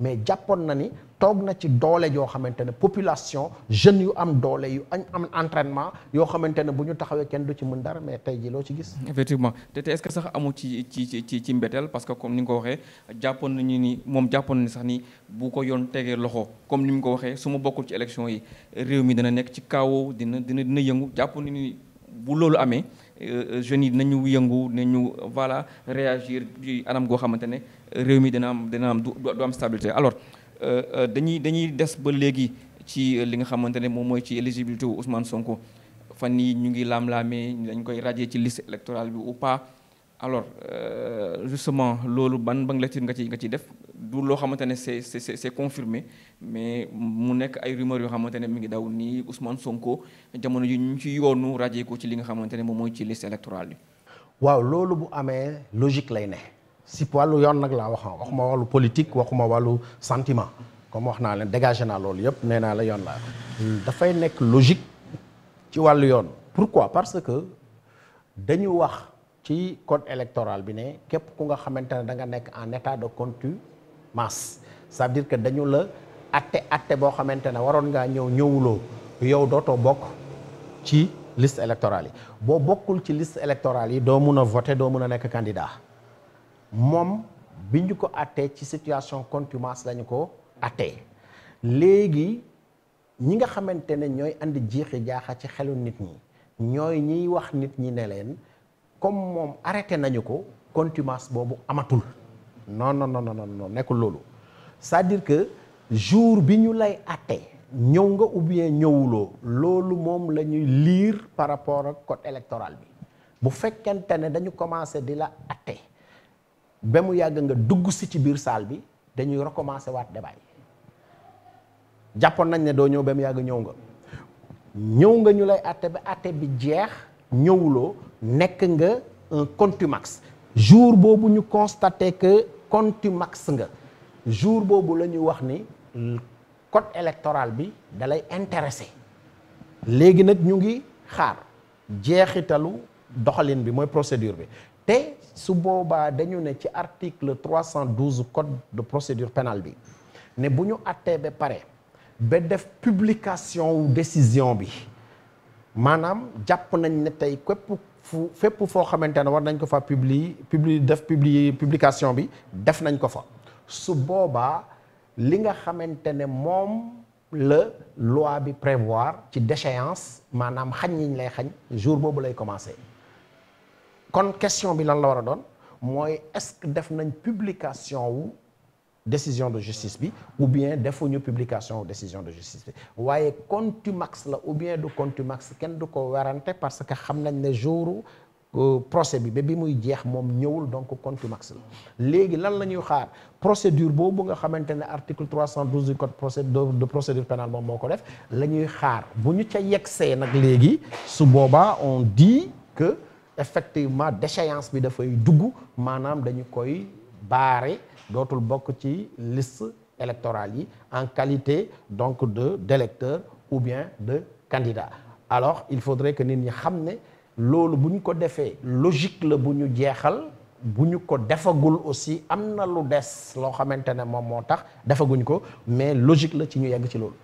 mais jàppoon na ni toog na ci doole yoo xamantene population jeune yu am doole yu am entraînement yo xamantene buñu taxawé ñu kenn du ci mën dara mais tey ji loo ci gis. effectivement te est-ce que sax amu ci ci ci ci mbetteel parce que comme ni nga ko waxee jàppoon nañu ni mom jàppoon ni sax ni bu ko yon tégué loxo comme ni mu ko waxee su ma ci élection yi réew mi dana nek ci kawo dina dina dina yëngu jàpp ni bu loolu amé euh, euh, jeunes yi nañu yëngu nañu voilà réagir ci anam go xamantene ne réew mi dina am dina am du am stabilité alors euh, dañuy dañuy dess ba légui ci li nga xamantene mom moy ci éligibilité Ousmane Sonko fan yi ñu ngi lam lamé dañ koy radier ci liste électorale bi ou pas alors justement lolu ban bang lecture nga ci nga ci def du lo xamante ne c'est c'est c'est confirmé mais mu nek ay rumeur yo xamante mi ngi daw ni Ousmane Sonko jamono yu ñu ci yoonu ràjjee ko ci li nga xamante mom moy ci liste électorale bi. waaw lolu bu amé logique lay né si wàllu yoon nak la wax waxuma walu politique waxuma walu sentiment comme wax naa leen dégagé naa loolu yëpp nee la yoon laa dafay nekk logique ci walu yoon. pourquoi parce que dañu wax ci code électoral bi né képp ku nga xamante da nga nek en état de contu masse c'est-à-dire que dañu la atte atte boo xamante ne waroon ngaa ñëw ñëwuloo yow dootoo bokk ci liste électorale yi boo bokkul ci list électorale yi doo mun a voter doo mun a nekk candidat moom bi ñu ko attee ci situation contumace lañu ko attee léegi ñi nga xamante ne ñooy andi jiixi jaaxa ci xelu nit ñi ñooy ñiy wax nit ñi ne leen comme moom arrêté nañu ko contumace boobu amatul non non non non non non, non, c'est-à-dire que jour bi lay non, ñow nga ou bien non, non, non, lire par rapport au code électoral bi bu non, ne dañu commencer di la non, ba mu non, nga dugg Nyonga ci biir salle bi dañuy recommencer waat débat non, un contumax jour bobu ñu constater que max nga jour bobu lañu wax ni code électoral bi dalay intéressé légui nak ñu ngi xaar jeexitalu doxalin bi moy procédure bi te su boba dañu né ci article 312 code de procédure pénale bi né buñu atté be paré pare def publication ou décision bi Manam japp nañ né tay képp fu fépp foo xamante ne war nañ ko fa publier publier def publier publication bi def nañ ko fa su boobaa li nga xamante ne moom loi bi prévoir ci déchéance manam xañ yiñ lay xagn jour bobu lay commencer kon question bi lan la wara don moy est-ce que def nañ publication wu décision de justice bi ou bien ñu publication décision de justice bi compte contumax la ou bien du contumax kenn du ko parce que xam nañ ne jouru euh, procès bi ba bi muy jeex mom ñewul donc contumax la léegi lan lañuy xaar procédure boobu nga xamante ne article 312 du code de procédure pénale mom moko def lañuy xaar buñu ca yexé nak légui su boba on dit que effectivement déchéance bi fay dugg manam dañu koy baré dootul bok ci liste électorale en qualité donc de d'électeur ou bien de candidat alors il faudrait que nit ñi xam ne ko défé logique le buñu jéxal buñu ko defagul aussi amna lu des lo xamante ne motax moo ko mais logique la ci ñu yegg ci lolu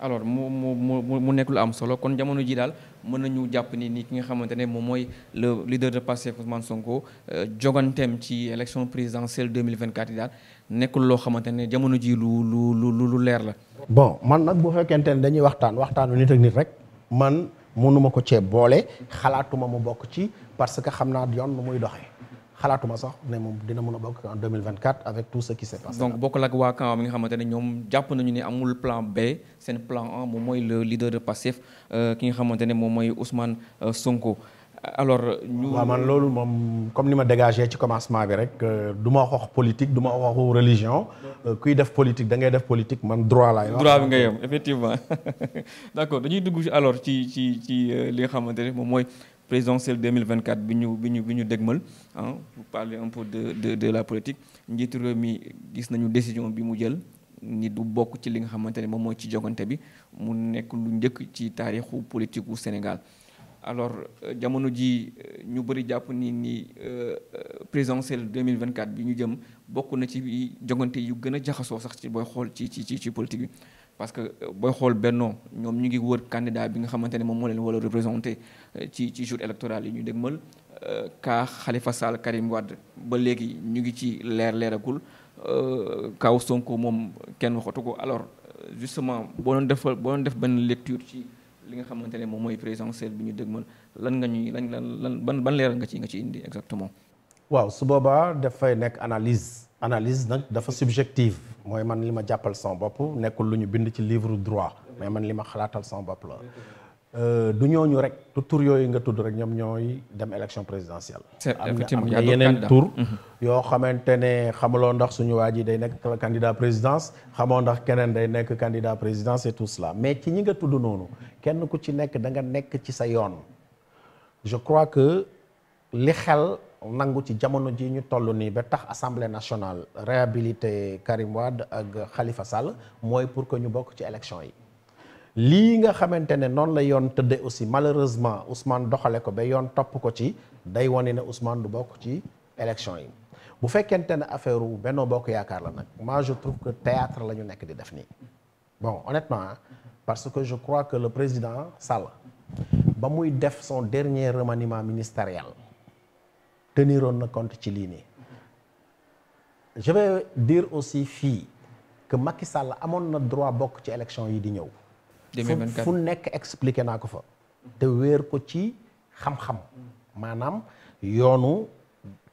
alors mo mo mo mo nekk am solo kon jamono ji dal mën ñu japp ni ni ki nga xamantene ne moy le leader de Pastef Ousmane Sonko euh, joganteem ci élection présidentielle 2024 dal nekul lo xamantene jamono ji lu lu lu lu leer la. bon man nak bu fekkente dañuy waxtaan waxtaanu nit ak nit rek man mënuma ko cee bolé xalaatuma mu bok ci parce que xamna naa yoon nu muy doxee xalaatuma sax ne moom dina mën a bokk en 2024 avec tout ce qui s'est passé. donc bokkul ak waa camp mi nga xamante ne ñoom jàpp nañu ne amul plan B seen plan A moom mooy le leader de Pastef euh, ki nga xamante ne moom mooy Ousmane euh, Sonko. alors ñu waaw man loolu moom comme ni ma dégagé ci commencement bi rek euh, du ma wax politique du ma wax religion kuy def politique da ngay def politique man droit laay droit bi nga yem effectivement [LAUGHS] d'accord dañuy dugg alors ci ci ci li nga xamante ne moom mooy présidentielle 2024 biñu biñu bi ñu bi hein, pour parler un peu de de de la politique njiitu réew mi gis nañu décision bi mu jël ni du bokk ci li nga xamantene mom moom ci jogonté bi mu nekk lu ñëk ci taarixu politique wu Sénégal. alors euh, jamono ji euh, ñu bari japp ni ni euh, présidentielle 2024 biñu jëm bokku na ci jogonté yu gëna jaxaso sax ci boy xol ci ci ci politique bi parce que euh, boy xol Benno ñom ñu ngi wër candidat bi nga xamantene mom mo leen wala représenter euh, ci ci jour électoral yi ñu dégmal euh, ka Khalifa Sall Karim Wade ba légui ñu ngi ci leer leeragul kaw Sonko mom kenn waxatu alors justement bo doon defal bo doon def ben lecture ci li nga xamantene mom moy mooy présidentielle bi ñu dégmal lan nga ñuy lan ban ban leeral nga ci nga ci indi exactement. waaw su def fay nek analyse analyse donc dafa subjective Moi, man li ma jàppal sama bopp nekkul lu bind ci livre droit mais man li ma xalaatal sama bopp la euh, du ñooñu rek du tur yooyu nga tudd rek ñom ñoy dem élection présidentielle. am na yeneen tur mhm. yoo xamante ne xamuloo ndax suñu waji day nek candidat présidence xamoo ndax kenen day nek candidat présidence et tout cela mais ci ñi nga tudd noonu kenn ku ci nek da nga nek ci sa yoon je crois que li xel nangu ci jamono ji ñu tollu ni ba tax assemblée nationale réhabilité Karim Wade ak Khalifa Sall moy pour que ñu bok ci élection yi. li nga xamantene non la aussi malheureusement Ousmane doxale ko be yoon top ko ci day woné né Ousmane du bok ci élection yi bu fekkente une affaire u Benno bok Yaakaar la nak moi je trouve que théâtre la ñu nekk di def bon honnêtement hein, parce que je crois que le président Sall ba muy def son dernier remaniement ministériel teniroon na compte ci lii je vais dire aussi fii que Macky Sall amoon na droit bokk ci élection yi di ñëw. fu nekk expliqué naa ko fa. te wéer ko ci xam-xam. maanaam yoonu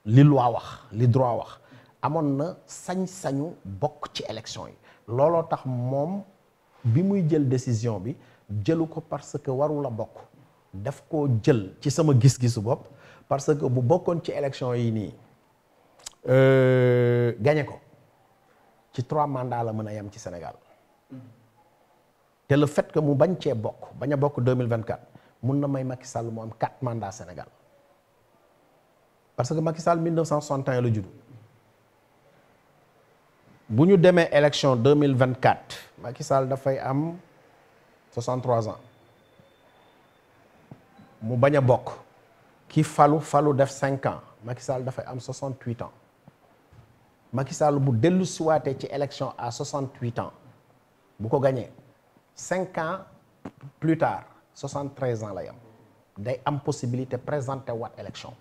li loi wax li droit wax amoon na sañ-sañu bokk ci élection yi looloo tax moom bi muy jël décision bi jëlu parce que warula bokk daf koo jël ci sama gis-gisu bopp. parce que bu bokkoon ci élection yi nii euh, gagné ko ci trois mandats la mën a yem ci Sénégal te le fet que mu bañ cee bokk bañ a bokk 2024 mun na may Macky Sall mu am quatre mandats Sénégal parce que Macky Sall 1961 la judd bu ñu demee élection 2024 Macky Sall dafay am 63 ans mu bañ a bokk. qui fallu fallu def 5 ans Macky a fait 68 ans Macky Sall bu dellu siwaatee ci élection à 68 ans bu ko gagné 5 ans plus tard 73 ans il a day am possibilité présenter l'élection. élection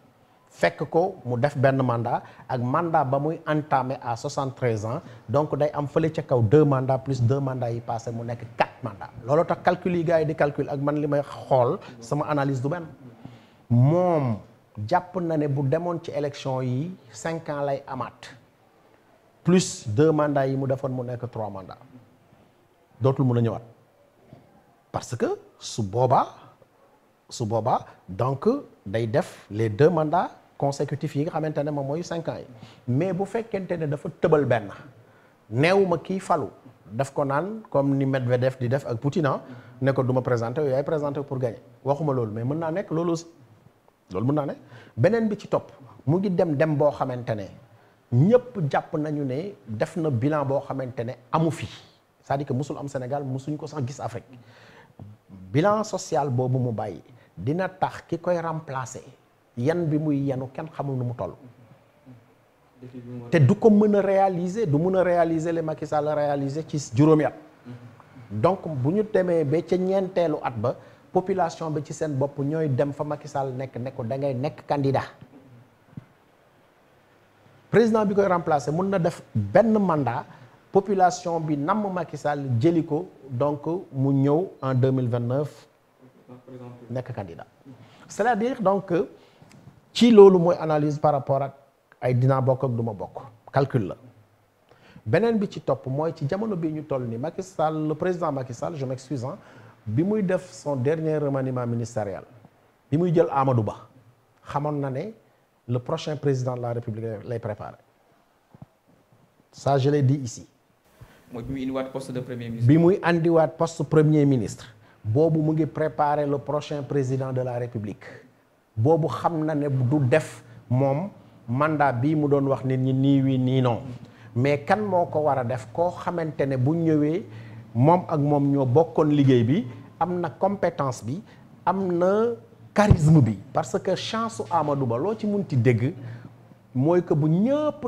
fekk ko mu def ben mandat ak mandat ba muy entamé à 73 ans donc day am feulé ci kaw deux mandats plus deux mandats yi passé mu nek quatre mandats looloo tax calcul yi gars yi di calcul ak man limay xol sama analyse du benn mom japp na ne bu démon ci élection yi cinq ans lay amat plus deux mandats yi mu defoon mu nek trois mandats dotul mun a ñëwaat parce que su boba su boba donc day def les deux mandats consécutifs yi nga xamante ne moom cinq ans yi mais bu fekkente ne dafa teubal ben. newuma ki falu daf ko nan comme ni Medvedev di def ak Poutine ne ko duma présenter présenté présenter pour gagner waxuma lolou mais mën naa nekk aussi loolu mën naa ne beneen bi ci topp mu ngi dem dem boo xamante ne ñëpp jàpp nañu ne def na bilan boo xamante ne amu fi c'est-à-dire que am Sénégal musuñ ko sax gis Afrique bilan social boobu mu bàyyi dina tax ki koy remplacer yan bi muy yenu kenn xamul nu mu toll. te du ko mën a réaliser du mën a réaliser le Macky Sall réaliser ci juróomi at. Mm-hmm. donc bu ñu demee ba ca ñeenteelu at ba. population bi ci seen bopp ñooy dem fa Macky Sall nekk ne ko da ngay nekk candidat président bi koy remplacer mun na def benn mandat population bi namm Macky Sall jëli donc mu ñëw en 2029 nek candidat. cela à dire donc ci loolu mooy analyse par rapport ak ay dinaa bokk ak du ma bokk calcul la. beneen bi ci topp mooy ci jamono bii ñu toll nii Macky Sall le président Macky Sall je m'excuse hein, bi muy def son dernier remaniement ministériel bi muy jël Amadou Ba xamone na né le prochain président de la République lay préparer ça je l'ai dit ici. moy bi muy wat poste de premier ministre. bi muy wat poste premier ministre. bobu mu ngi préparer le prochain président de la République bobu xamna né ne du def mom mandat bi mu doon wax ni ni nii non mais kan moko ko a def ko xamante bu ñëwé mom ak mom ño bokone liguey bi amna compétence bi amna charisme bi parce que chance su Amadou Ba loo ci munti dégg mooy que bu ñëpp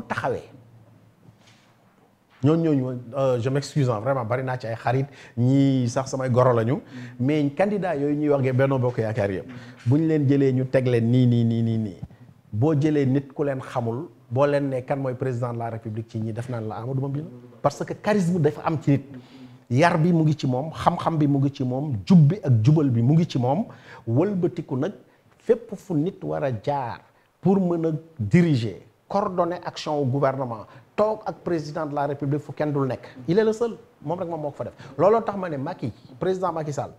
euh, je m'excuse hein, vraiment bari na ci ay xarit ñi sax samay goro lañu mais candidat yoy ñuy wax Benno Bokk yakar yëpp buñ leen jëlé ñu teg leen ni ni ni nii nii nit ku leen xamul bo leen né kan moy président de la république ci ñi def naan la Amadou parce que charisme dafa am ci nit yar bi mu ngi ci mom xam-xam bi mu ngi ci mom jub ak jubal bi mu ngi ci nak fu nit wara jaar pour diriger coordonner action au gouvernement tok ak président de la république fu kenn dul nek il est le seul mom rek mom moko fa def lolo tax ma ne Macky président Macky Sall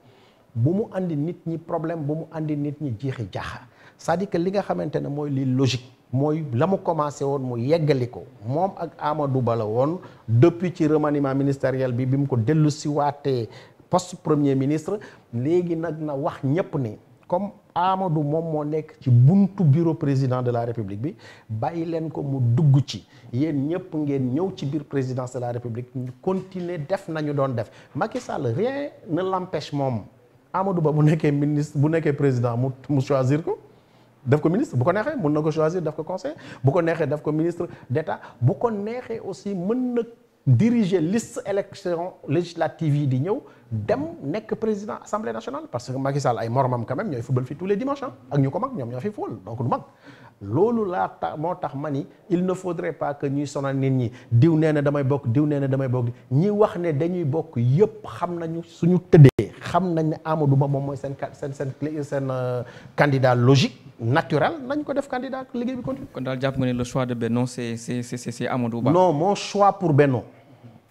bu mu andi nit ñi problème bu mu andi nit ñi jiixi c'est-à-dire que li nga li logique moy la commencé mu que ak Amadou Bala, depuis ci remaniement ministériel bi poste premier ministre na wax ni comme Amadou buntu bureau président de la république bi ko mu dugg ci de la république continuer def nañu doon def rien ne l'empêche Amadou Ba bu ministre président choisir daf ko ministre bu ko nexé mën na ko choisir daf ko conseil bu ko nexé daf ko ministre d'État bu ko nexé aussi mën na diriger liste élection législative di ñëw dem nek président assemblée nationale parce que Macky Sall ay mormam quand même ñoy football fi tous les dimanches hein. ak ñu ko mag ñom ñoy fi football donc du mag lolu la motax mani il ne faudrait pas que ñuy sonal nit ñi diw nee damay bok diw nee damay bok ñi wax ne dañuy bok yépp xam nañu suñu tëddee xam nañ ne Amadou Ba mom moy sen sen candidat logique naturel nañ ko def candidat liggéey bi continue kon dal japp nga ne le choix de Benno c'est c'est c'est Amadou Ba. non mon choix pour Benno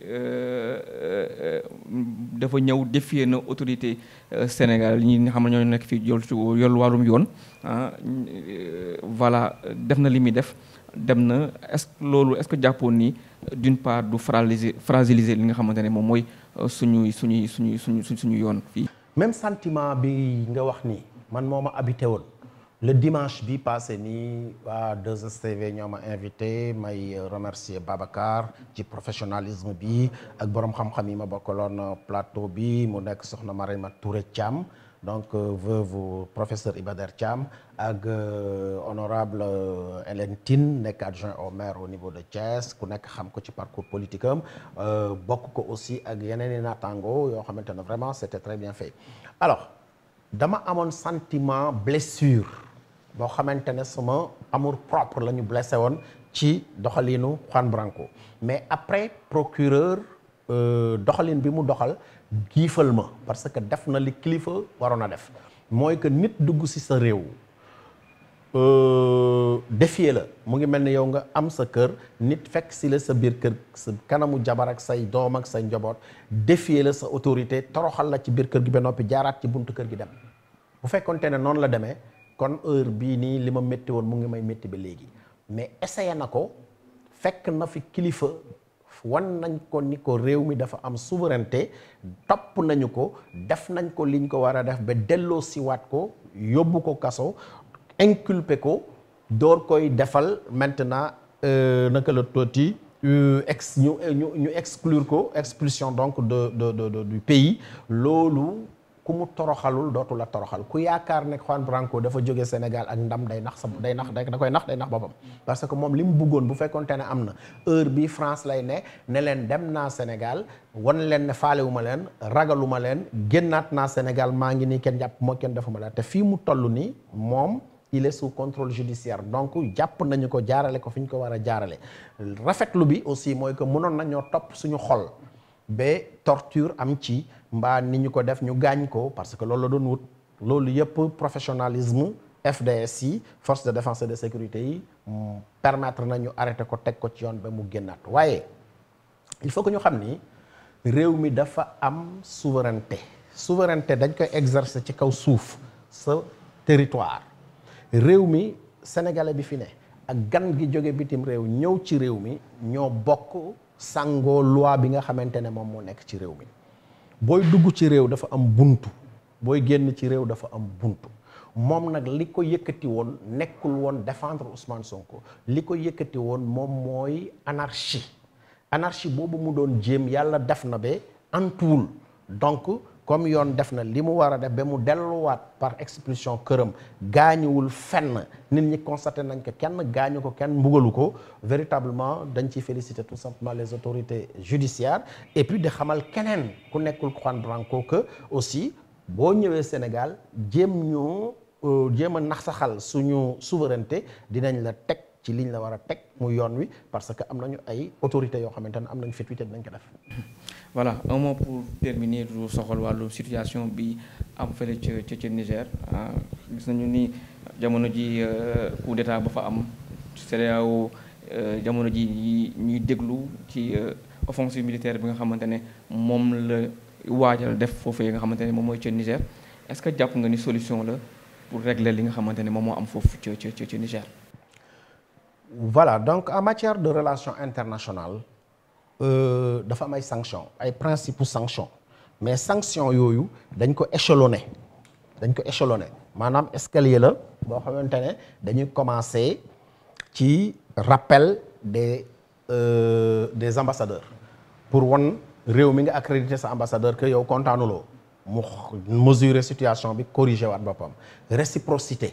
Euh, euh, euh, dafa ñëw défier na autorité Sénégal ñi nga xam ne ñoo nekk fii jol yolu wàllum yoon ah voilà def na li muy def dem na est-ce que loolu est-ce que jàppoon ni d'une part du fragiliser li nga xamante ne moom mooy suñuy suñuy suñuy suñu suñu yoon fii même sentiment bi nga wax ni man moo ma habité woon le dimanche bi passé deux 2STV m'ont ma invité may euh, remercier Babacar ci professionnalisme bi ak borom xam-xam yi ma euh, plateau bi mu nekk soxna Marima Touré Thiam donc euh, veuve professeur Ibader Tcham et ak honorable Hélène Tine adjoint au maire au niveau de Thiès ku a xam ko ci parcours politique Beaucoup bokk aussi ak yeneen i naataango yoo vraiment c'était très bien fait alors dama amoon sentiment blessure boo xamante ne amur amour propre la on, blessé woon ci doxaliinu Juan Branco mais après procureur euh, doxalin bi mu doxal giifal ma parce que def na li kilifa def que nit dugg ci sa réew euh, défier la mu ngi yow nga am sa kër nit fekk si la sa biir kër sa kanamu jabar ak say doom ak say njaboot défier la sa autorité toroxal la ci biir kër gi ba noppi jaaraat ci buntu kër gi dem bu la kon heure bii nii li ma métti woon mu ngi may métti ba léegi mais essayé na ko fekk na fi kilifa wan nañ ko ni ko réew mi dafa am souveraineté topp nañu ko def nañ ko liñ ko war a def ba delloo siwaat ko yóbbu ko kaso inculpé ko door koy defal maintenant euh, naka la tooti ex ñu ñu ñu exclure ko expulsion donc de de de du pays loolu ku mu toroxalul dootu la toroxal ku yaakaar ne Juan Branco dafa jóge Sénégal ak ndam day nax sa day nax da koy nax day nax boppam parce que moom li mu bëggoon bu fekkonte ne am na heure bi France lay ne ne leen dem naa Sénégal wan leen ne faalewu ma leen ragalu ma leen génnaat naa Sénégal maa ngi nii kenn jàpp moo kenn defu ma la te fii mu toll nii moom il est sous contrôle judiciaire donc jàpp nañu ko jaarale ko fi ñu ko war a jaarale rafetlu bi mooy que mënoon na ñoo topp suñu xol ba mbaa ni ñu ko def ñu gaañ ko parce que loolu la doon wut loolu yëpp professionnalisme FDS yi force de défense et de sécurité yi mm, permettre nañu arrêté ko teg ko ci yoon ba mu génnaat waaye il faut ñu xam ni réew mi dafa am souveraineté souveraineté dañ koy exercer ci kaw suuf sa territoire réew mi sénégalais bi fi ne ak gan gi jóge bitim réew ñëw ci réew mi ñoo bokk sangoo loi bi nga xamante ne moom moo nekk ci réew mi booy dugg ci réew dafa am buntu booy génn ci réew dafa am bunt moom nag li ko yëkkati woon nekkul woon defendre Ousmane Sonko li ko yëkkati woon moom mooy anarchie anarchie boobu mu doon jéem yàlla def na ba antuwul donc comme yoon defna limu wara def ba mu wat par expulsion keureum gaañuwul fenn nit ñi constaté nañ ko kenn gañu ko kenn mbugalu ko véritablement dañ ci féliciter tout simplement les autorités judiciaires et puis de xamal Kenen, ku nekkul Juan Branco que aussi bo ñëwee Sénégal jéem ñu euh, jéem naxaxal suñu souveraineté dinañ la tek ci liñ la wara tek mu yoon wi parce que am nañu ay autorités yo xamante ne am nañu fit wi ko def voilà un mot pour terminer sur soxal wàllu situation bi am fële ci Niger ah. gis nañu ni jamono ji euh, coup d'état ba fa am CEDEAO euh, jamono ji ñuy déglu ci euh, offensive militaire bi nga xamante mom le wajal def fofé nga xamante mom moy ci Niger est-ce que japp nga ni solution la pour régler li nga xamante mom mo am foofu ci ci Niger. voilà donc en matière de relations internationales. Euh, dafa a sanctions, sanction ay principe sanctions. mais sanctions sanctions, dañ ko échelonné dañ ko échelonné maanaam escalier la boo xamante ne commencer rappel des euh, des ambassadeurs pour que réew mi nga accrédité sa ambassadeur que yow kontaanuloo mu mesurer situation bi corriger la situation. réciprocité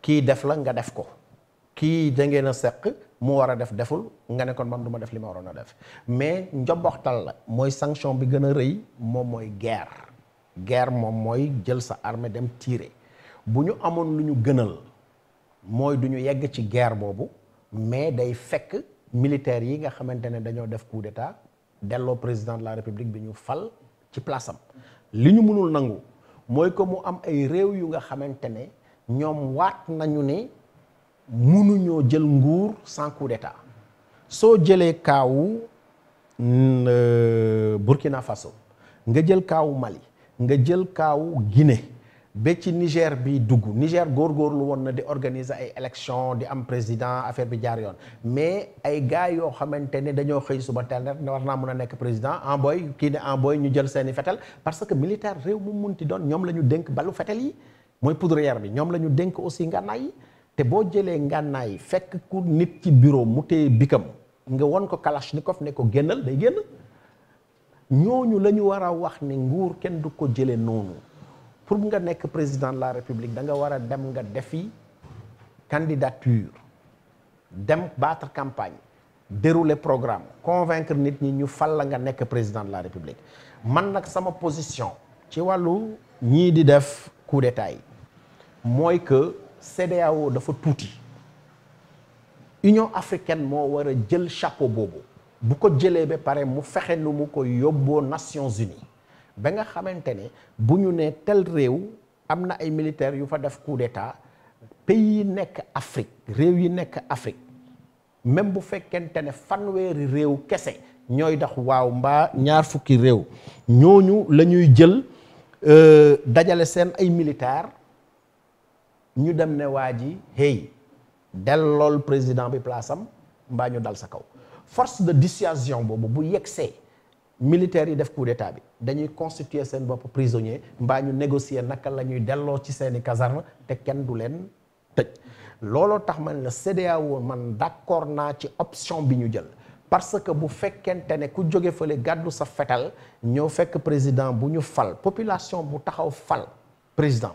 qui def la nga def ko kii da ngeen a mu war def deful nga ne kon man du ma def li ma waroon a def mais njoboxtal la mooy sanction bi gën a rëy moom mooy guerre guerre moom mooy jël sa armée dem tirer bu ñu amoon lu ñu gënal mooy du yegg ci guerre boobu mais day fekk militaires yi nga xamante dañoo def coup d'état delloo président de la république bi fal ci place am li ñu mënul nangu mooy que mu am ay réew yu nga xamante ne waat nañu ne munuñoo jël nguur sans coup d'état soo jëlee kaawu euh, Burkina Faso nga jël kaawu Mali nga jël kaawu Guinée ba ci Niger bi dugg Niger góorgóorlu woon na di organiser ay élection di am président affaire bi jaar yoon mais ay gaa yoo xamante ni dañoo xëy suba teel rek ne war naa mën a nekk président en boy kii ne en boy ñu jël seeni fetel parce que militaire réew mu munti doon ñoom la ñu dénk balu fetel yi mooy poudrière bi ñoom la ñu dénk aussi ngànnaay yi te boo jëlee ngànnaay fekk ku nit ci bureau mu téye bikam nga won ko kalachnikov ne ko génnal day génn ñooñu la ñu war a wax ni nguur kenn du ko jëlee noonu pour nga nekk président de la république da nga war a dem nga defi candidature dem battre campagne dérouler programme convaincre nit ñi ñu fal la nga nekk président de la république man nag sama position ci wàllu ñii di def coup d'état mooy que CDAO dafa touti. Union africaine mo wara jël chapeau bobo. bu ko jëlee bé paré mu fexé nu mu ko yobbo Nations Unies ba nga xamante ne bu ñu nee tel réew amna ay militaires yu fa def coup d'état pays yi Afrique réew yi nekk Afrique même bu fekkente ne fanweeri réew kessé ñoy dax waaw mba ñaar fukki réew ñoñu lañuy jël euh dajalé sen ay militaires. ñu dem ne waa ji hey dellool président bi place am mbaa ñu dal sa kaw force de dissuasion boobu bu yegsee militaires yi def coup d'état bi dañuy constituer seen bopp prisonnier mbaa ñu négocier naka la ñuy delloo ci seeni caserne te kenn du leen tëj looloo tax man la CEDEAO man d'accord naa ci option bi ñu jël parce que bu fekkente ne ku jóge fële gàddu sa fetal ñëw fekk président bu ñu fal population bu taxaw fal président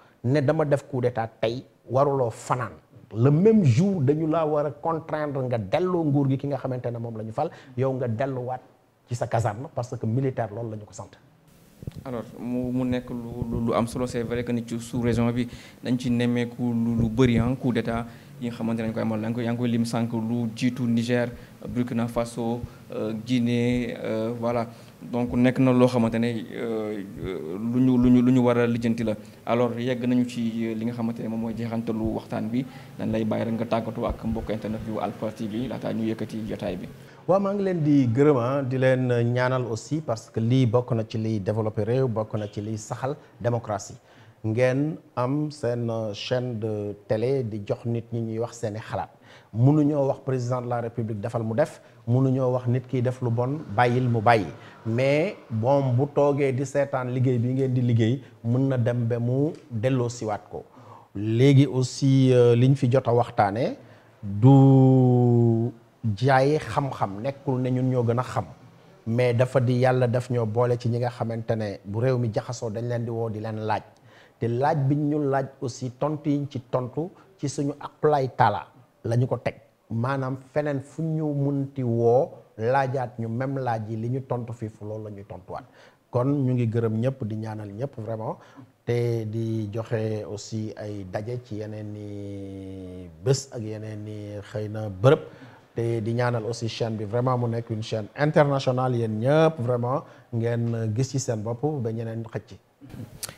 ne dama def coup tey waruloo fanaan le même jour dañu laa war a contraindre nga delloo nguur gi ki nga xamante ne moom la ñu fal yow nga delluwaat ci sa caserne parce que militaire loolu la ñu ko sant. alors mu mu nekk lu lu am solo c'est vrai que ni ci sous région bi dañ ci nemmeeku lu lu bëri ah coup d'état yi nga xamante nañ ne dañ koy amal yaa ngi koy lim sànq lu jiitu Niger Burkina Faso euh, Guinée euh, voilà. donc nekk na loo xamante ne euh, lu ñu lu ñu lu ñu war a lijjanti la alors yegg nañu ci euh, li nga xamante ne moom mooy jeexantalu waxtaan bi dañ lay bàyyi rek nga tàggatoo ak mbokk internet yu bi TV laataa ñu yëkkati jotaay bi. waaw maa ngi leen di gërëm ah, di leen ñaanal aussi parce que lii bokk na ci liy développé réew bokk na ci liy saxal démocratie ngeen am seen euh, chaine de télé di jox nit ñi ñuy wax seeni xalaat. mënuñoo wax président de la république defal mu def munuñoo wax nit kiy def lu bon bàyyil mu bàyyi mais moom bu toogee di seetaan liggéey bi ngeen di liggéey mun na dem ba mu delloo siwaat ko léegi aussi euh, liñ fi jot a waxtaanee du jaay xam-xam nekkul ne ñun ñoo gën a xam mais dafa di yàlla def ñoo boole ci ñi nga xamante ne bu réew mi jaxasoo dañ leen di woo di leen laaj te laaj bi ñu laaj aussi tontu yiñ ci tontu ci suñu apply tala la ñu ko teg maanaam feneen fu ñu munti woo laajaat ñu même laaj yi li ñu tontu fii fu loolu la ñuy tontuwaat kon ñu ngi gërëm ñëpp di ñaanal ñëpp vraiment te di joxe aussi ay daje ci yeneen i bés ak yeneen i xëy na bërëb te di ñaanal aussi chaîne bi vraiment mu nekk une chaîne internationale yéen ñëpp vraiment ngeen gis ci seen bopp ba ñeneen xëcc.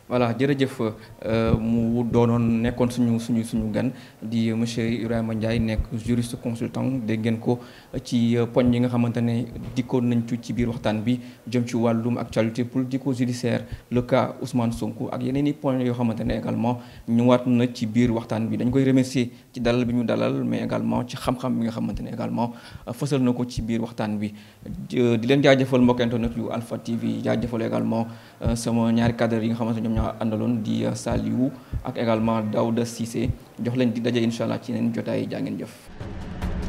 voilà jërëjëf euh, mu doonoon nekkoon suñu suñu suñu gan di monsieur Ibrahima Ndiaye nekk juriste consultant de ngeen ko ci euh, poñ yi nga xamante ne dikkoon nañ ci ci biir waxtaan bi jëm ci wàllum actualité politico-judiciaire le cas Ousmane sunk ak yeneen i poñ yoo xamante ne également ñëwaat na ci biir waxtaan bi dañ koy remercier ci dalal bi ñu dalal mais également ci xam-xam bi nga xamante ne également euh, fësal na ko ci biir waxtaan bi di euh, leen jaajëfal mbokk internet yu Alpha TV jaajëfal également euh, sama ñaari cadre yi nga xamante ne ñoom ñoo àndaloon di Saliou ak également Daouda Cissé jox leen di daje incha allah ci yeneen jotaay jaa ngeen jëf